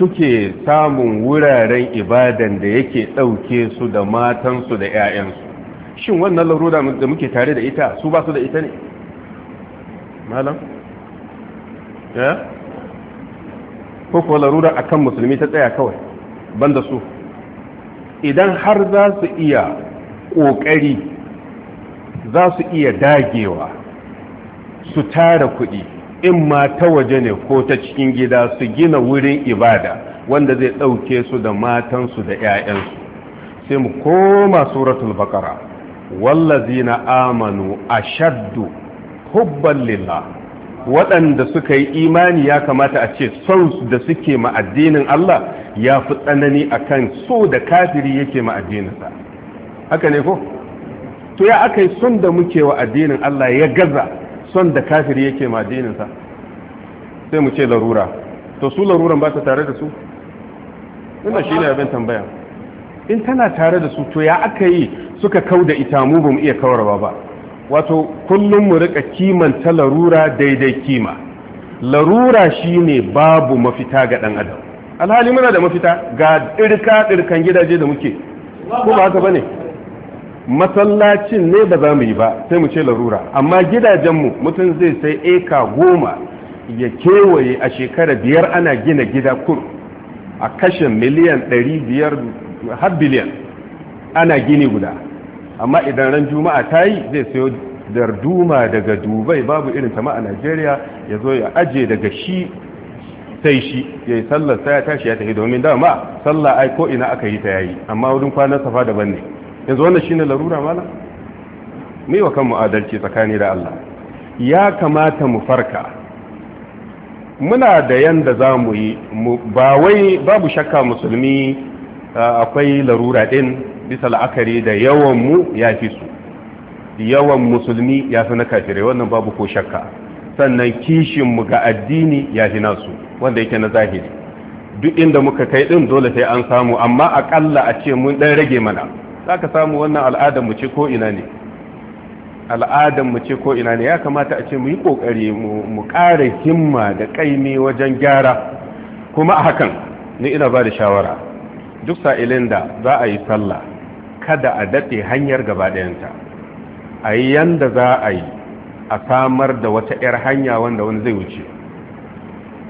S1: suke samun wuraren ibadan da yake ɗauke su da matansu da 'ya'yansu shin wannan larura da muke tare da ita su ba su da ita ne malam ya ko kuwa larura a kan musulmi ta tsaya kawai banda su idan har za su iya ƙoƙari za su iya dagewa su tara kuɗi in ma ta waje ne ko ta cikin gida su gina wurin ibada wanda zai ɗauke su da matansu da 'ya'yansu sai mu koma suratul baqara wallazina amanu ashaddu hubban lillah waɗanda suka yi imani ya kamata a ce son da suke ma addinin Allah ya fi tsanani akan so da kafiri yake ma haka ne ko to ya aka yi son da muke wa addinin Allah ya gaza son da kafiri yake ma dininsa sai mu ce larura to su laruran ba ta tare da su ina shi ne abin tambaya in tana tare da su to ya aka yi suka kau da ita mu ba mu iya kawarwa ba wato kullum mu rika ta larura daidai kima larura shine babu mafita ga dan adam alhali muna da mafita ga dirka dirkan gidaje da muke ko ba haka bane masallacin ne ba za mu yi ba sai mu ce larura amma gidajenmu mutum zai sai eka goma ya kewaye a shekara biyar ana gina gida kur a kashe miliyan ɗari biyar har biliyan ana gini guda amma idan ran juma'a ta yi zai sayo darduma daga dubai babu irin ta a najeriya ya zo ya aje daga shi sai shi ya yi sallar sai ya tashi ya tafi domin dama sallah ai ko ina aka yi ta yayi amma wurin kwanan safa daban ne yanzu wannan shine larura mala mu wa kanmu adalci tsakani da Allah ya kamata mu farka muna da yanda za mu yi ba wai babu shakka musulmi akwai larura ɗin bisa la'akari da yawan mu ya fi su yawan musulmi ya fi na kafirai wannan babu ko shakka sannan kishinmu ga addini ya fi nasu wanda yake na zahiri duk inda muka kai ɗin dole sai an samu amma aƙalla a ce mun ɗan rage mana za ka samu wannan al'adar mu ce ko ina ne al'adar mu ce ko ina ne ya kamata a ce mu yi kokari mu ƙara himma da ƙaimi wajen gyara kuma a hakan ni ina ba da shawara duk sa'ilin da za a yi sallah kada a daɗe hanyar gaba ɗayanta a yi yanda za a yi a samar da wata 'yar hanya wanda wani zai wuce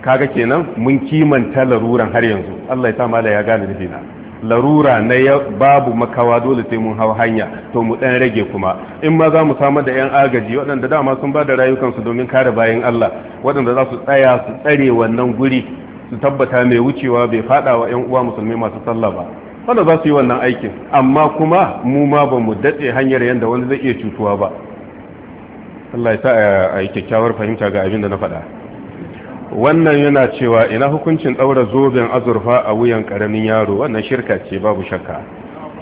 S1: kaga kenan mun kimanta laruran har yanzu Allah ya sa mala ya gane fina. larura na babu makawa dole sai mun hau hanya to mu dan rage kuma in ma za mu samar da 'yan agaji waɗanda dama sun ba da rayukansu domin kare bayan Allah waɗanda za su tsaya su tsare wannan guri su tabbata mai wucewa bai fada wa 'yan uwa musulmi masu sallah ba wanda za su yi wannan aikin amma kuma mu ma ba mu datse hanyar yadda wani zai iya cutuwa ba Allah ya sa a yi kyakkyawar fahimta ga abin da na faɗa. wannan yana cewa ina hukuncin ɗaura zoben azurfa a wuyan ƙaramin yaro wannan shirka ce babu shakka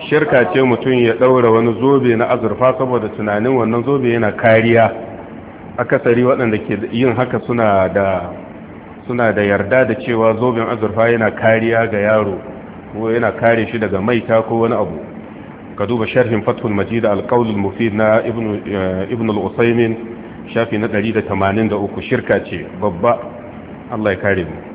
S1: shirka ce mutum ya ɗaura wani zobe na azurfa saboda tunanin wannan zobe yana kariya akasari waɗanda ke yin haka suna da suna da yarda da cewa zoben azurfa yana kariya ga yaro ko yana kare shi daga maita ko wani abu ka duba sharhin fathul majid da na ibn eh, ibn al-usaymin shafi na 183 shirka ce babba Allah ya kare mu